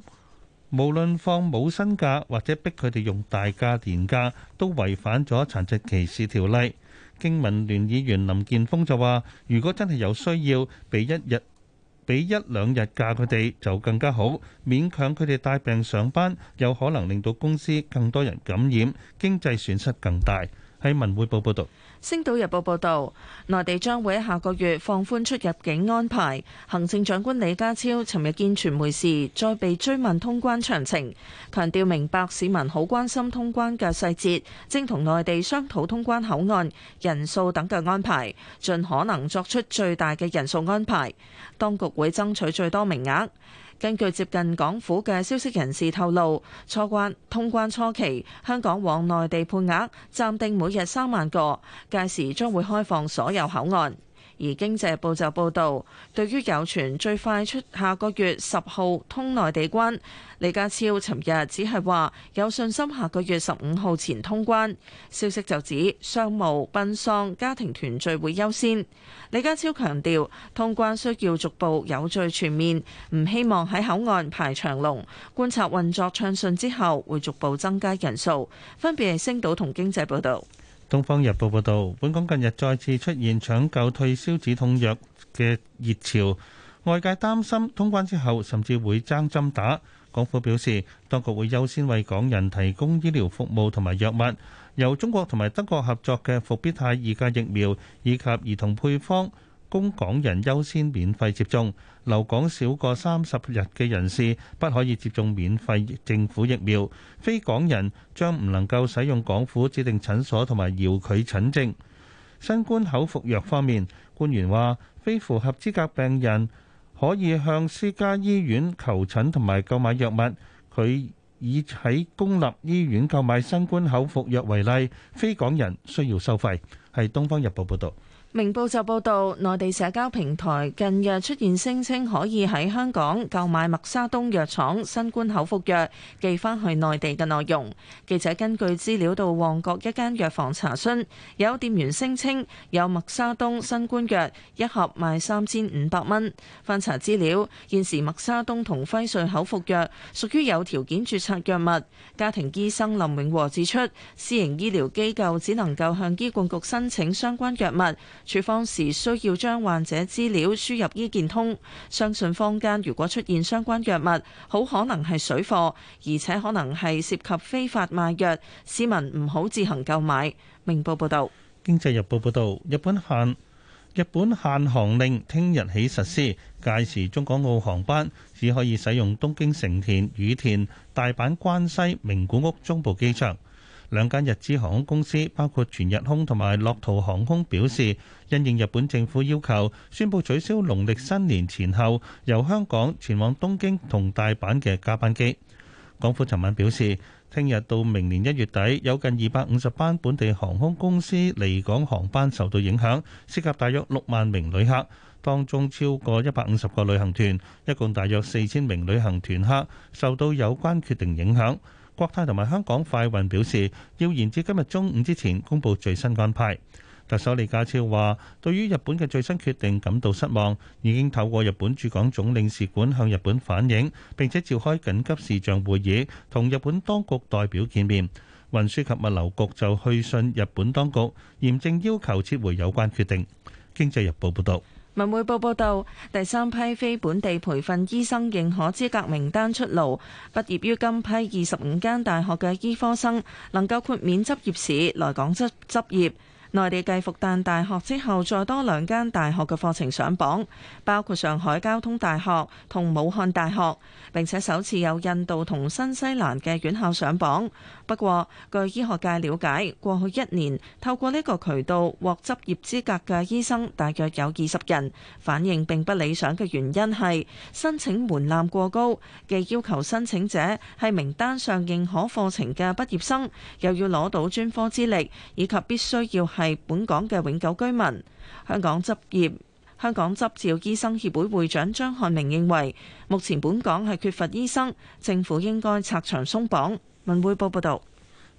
無論放冇薪假或者逼佢哋用大假年假，都違反咗殘疾歧視條例。經民聯議員林健鋒就話，如果真係有需要，俾一日，俾一兩日假，佢哋就更加好，勉強佢哋帶病上班，有可能令到公司更多人感染，經濟損失更大。喺文匯報報道，《星島日報》報道，內地將會下個月放寬出入境安排。行政長官李家超尋日見傳媒時，再被追問通關詳情，強調明白市民好關心通關嘅細節，正同內地商討通關口岸、人數等嘅安排，盡可能作出最大嘅人數安排，當局會爭取最多名額。根據接近港府嘅消息人士透露，初關、通關初期，香港往內地配額暫定每日三萬個，屆時將會開放所有口岸。而經濟報就報道，對於有傳最快出下個月十號通內地關，李家超尋日只係話有信心下個月十五號前通關。消息就指商務、奔喪、家庭團聚會優先。李家超強調，通關需要逐步有序全面，唔希望喺口岸排長龍。觀察運作暢順之後，會逐步增加人數。分別係星島同經濟報道。《東方日報》報導，本港近日再次出現搶購退燒止痛藥嘅熱潮，外界擔心通關之後甚至會爭針打。港府表示，當局會優先為港人提供醫療服務同埋藥物，由中國同埋德國合作嘅復必泰二價疫苗以及兒童配方，供港人優先免費接種，留港少過三十日嘅人士不可以接種免費政府疫苗，非港人將唔能夠使用港府指定診所同埋遙距診症。新冠口服藥方面，官員話，非符合資格病人可以向私家醫院求診同埋購買藥物。佢以喺公立醫院購買新冠口服藥為例，非港人需要收費，係東方日報報道。明報就報道，內地社交平台近日出現聲稱可以喺香港購買默沙東藥廠新冠口服藥寄翻去內地嘅內容。記者根據資料到旺角一間藥房查詢，有店員聲稱有默沙東新冠藥一盒賣三千五百蚊。翻查資料，現時默沙東同輝瑞口服藥屬於有條件註冊藥物。家庭醫生林永和指出，私營醫療機構只能夠向醫管局申請相關藥物。處方時需要將患者資料輸入醫健通，相信坊間如果出現相關藥物，好可能係水貨，而且可能係涉及非法賣藥，市民唔好自行購買。明報報道。《經濟日報》報導，日本限日本限航令聽日起實施，屆時中港澳航班只可以使用東京成田、羽田、大阪關西、名古屋中部機場。兩間日資航空公司包括全日空同埋樂桃航空表示，因應日本政府要求，宣布取消農曆新年前後由香港前往東京同大阪嘅加班機。港府尋晚表示，聽日到明年一月底，有近二百五十班本地航空公司離港航班受到影響，涉及大約六萬名旅客，當中超過一百五十個旅行團，一共大約四千名旅行團客受到有關決定影響。國泰同埋香港快運表示，要延至今日中午之前公布最新安排。特首李家超話，對於日本嘅最新決定感到失望，已經透過日本駐港總領事館向日本反映，並且召開緊急視像會議，同日本當局代表見面。運輸及物流局就去信日本當局，嚴正要求撤回有關決定。經濟日報報道。文匯報報道，第三批非本地培訓醫生認可資格名單出爐。畢業於今批二十五間大學嘅醫科生，能夠豁免執業試來港執執業。內地繼復旦大學之後，再多兩間大學嘅課程上榜，包括上海交通大學同武漢大學，並且首次有印度同新西蘭嘅院校上榜。不過，據醫學界了解，過去一年透過呢個渠道獲執業資格嘅醫生大約有二十人，反應並不理想嘅原因係申請門檻過高，既要求申請者係名單上認可課程嘅畢業生，又要攞到專科資歷，以及必須要係本港嘅永久居民。香港執業香港執照醫生協會會長張漢明認為，目前本港係缺乏醫生，政府應該拆牆鬆綁。文匯報報道，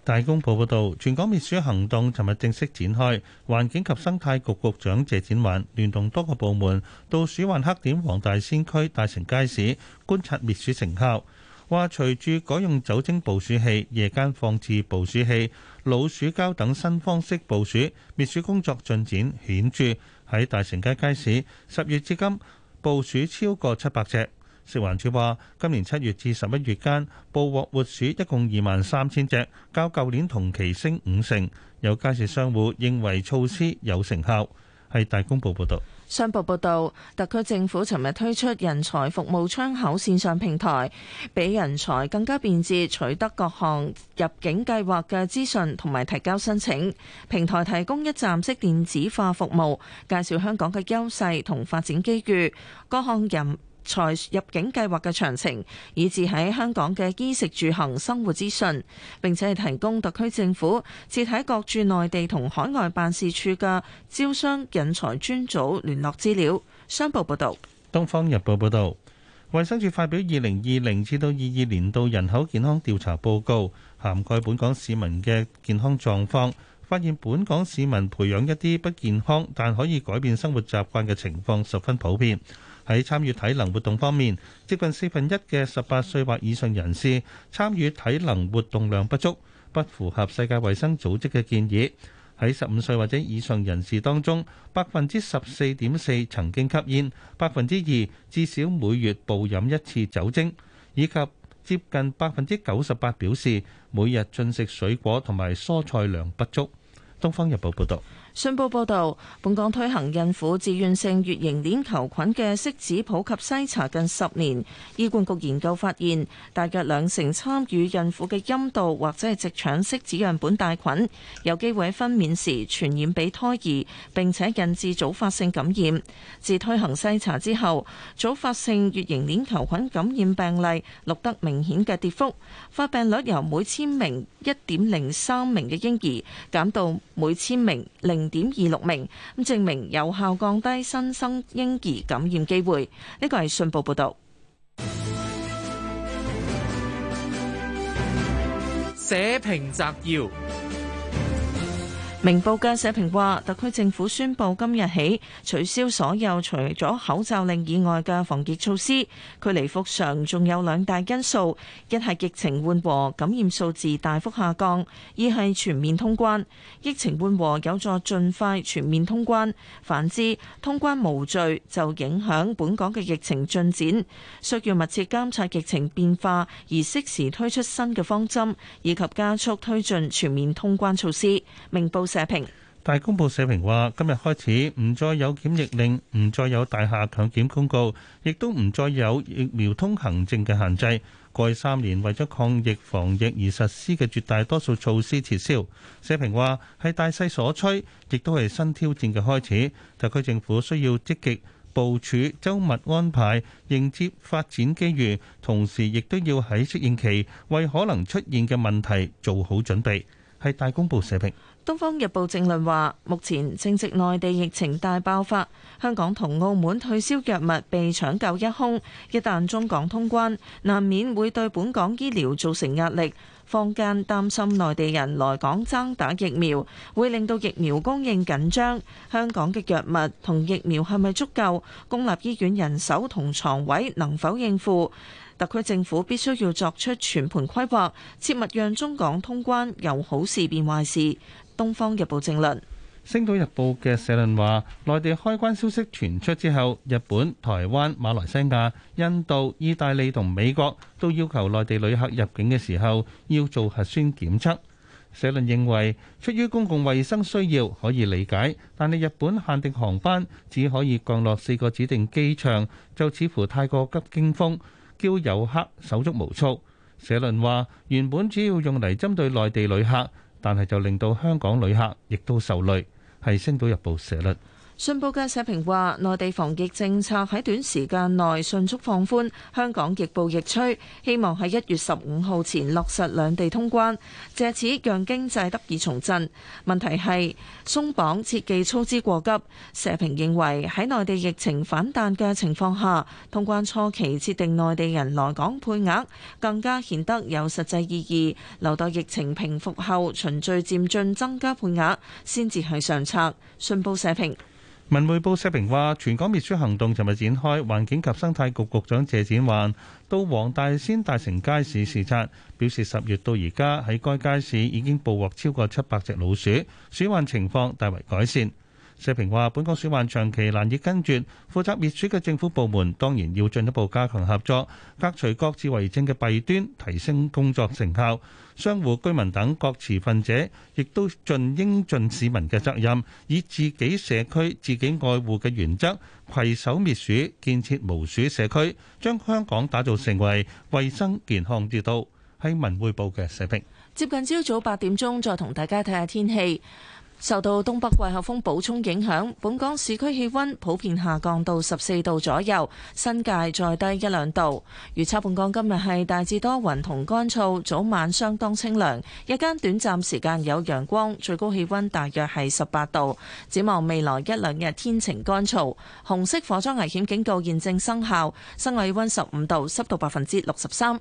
大公報報道，全港滅鼠行動尋日正式展開。環境及生態局局長謝展寰聯同多個部門到鼠患黑點黃大仙區大成街市觀察滅鼠成效，話隨住改用酒精捕鼠器、夜間放置捕鼠器、老鼠膠等新方式捕鼠，滅鼠工作進展顯著。喺大成街街市，十月至今捕鼠超過七百隻。食環署話，今年七月至十一月間捕獲活鼠一共二萬三千隻，較舊年同期升五成。有街市商戶認為措施有成效。係大公報報導，商報報導，特區政府尋日推出人才服務窗口線上平台，畀人才更加便捷取得各項入境計劃嘅資訊同埋提交申請。平台提供一站式電子化服務，介紹香港嘅優勢同發展機遇。各項人才入境計劃嘅詳情，以至喺香港嘅衣食住行生活資訊，並且提供特區政府設喺各駐內地同海外辦事處嘅招商引才專組聯絡資料。商報報道，東方日報報道，衛生署發表二零二零至到二二年度人口健康調查報告，涵蓋本港市民嘅健康狀況，發現本港市民培養一啲不健康但可以改變生活習慣嘅情況十分普遍。喺參與體能活動方面，接近四分一嘅十八歲或以上人士參與體能活動量不足，不符合世界衞生組織嘅建議。喺十五歲或者以上人士當中，百分之十四點四曾經吸煙，百分之二至少每月暴飲一次酒精，以及接近百分之九十八表示每日進食水果同埋蔬菜量不足。《東方日報》報導。信報報導，本港推行孕婦自願性乙型鏈球菌嘅拭子普及篩查近十年，醫管局研究發現，大約兩成參與孕婦嘅陰道或者係直腸拭子樣本帶菌，有機會喺分娩時傳染俾胎兒，並且引致早發性感染。自推行篩查之後，早發性乙型鏈球菌感染病例錄得明顯嘅跌幅，發病率由每千名一點零三名嘅嬰兒減到每千名零點二六名，咁證明有效降低新生嬰兒感染機會。呢個係信報報道。社評摘要。明報嘅社評話，特區政府宣布今日起取消所有除咗口罩令以外嘅防疫措施。距離復常仲有兩大因素：一係疫情緩和，感染數字大幅下降；二係全面通關。疫情緩和有助盡快全面通關。反之，通關無序就影響本港嘅疫情進展，需要密切監察疫情變化，而適時推出新嘅方針，以及加速推進全面通關措施。明報社。社評大公報社評話：今日開始唔再有檢疫令，唔再有大廈強檢公告，亦都唔再有疫苗通行證嘅限制。過去三年為咗抗疫防疫而實施嘅絕大多數措施撤銷。社評話係大勢所趨，亦都係新挑戰嘅開始。特區政府需要積極部署、周密安排，迎接發展機遇，同時亦都要喺適應期為可能出現嘅問題做好準備。係大公報社評。《東方日報》政論話：目前正值內地疫情大爆發，香港同澳門退燒藥物被搶購一空。一旦中港通關，難免會對本港醫療造成壓力。坊間擔心內地人來港爭打疫苗，會令到疫苗供應緊張。香港嘅藥物同疫苗係咪足夠？公立醫院人手同床位能否應付？特區政府必須要作出全盤規劃，切勿讓中港通關由好事變壞事。《東方日報政論》社論：《星島日報》嘅社論話，內地開關消息傳出之後，日本、台灣、馬來西亞、印度、意大利同美國都要求內地旅客入境嘅時候要做核酸檢測。社論認為，出於公共衛生需要可以理解，但係日本限定航班只可以降落四個指定機場，就似乎太過急驚風，叫遊客手足無措。社論話，原本主要用嚟針對內地旅客。但係就令到香港旅客亦都受累，係升到入步蛇率。信報嘅社評話：內地防疫政策喺短時間內迅速放寬，香港亦步亦趨，希望喺一月十五號前落實兩地通關，借此讓經濟得以重振。問題係鬆綁切忌操之過急。社評認為喺內地疫情反彈嘅情況下，通關初期設定內地人來港配額，更加顯得有實際意義。留待疫情平復後循序漸進增加配額，先至係上策。信報社評。文匯報社評話，全港滅鼠行動尋日展開，環境及生態局局長謝展寰到黃大仙大成街市視察，表示十月到而家喺該街市已經捕獲超過七百隻老鼠，鼠患情況大為改善。社評話：本港鼠患長期難以根絕，負責滅鼠嘅政府部門當然要進一步加強合作，革除各自為政嘅弊端，提升工作成效。商戶、居民等各持份者亦都盡應盡市民嘅責任，以自己社區、自己愛護嘅原則，攜手滅鼠，建設無鼠社區，將香港打造成為衞生健康之都。係文匯報嘅社評。接近朝早八點鐘，再同大家睇下天氣。受到東北季候風補充影響，本港市區氣溫普遍下降到十四度左右，新界再低一兩度。預測本港今日係大致多雲同乾燥，早晚相當清涼，日間短暫時間有陽光，最高氣溫大約係十八度。展望未來一兩日天晴乾燥，紅色火災危險警告現正生效，室外氣溫十五度，濕度百分之六十三。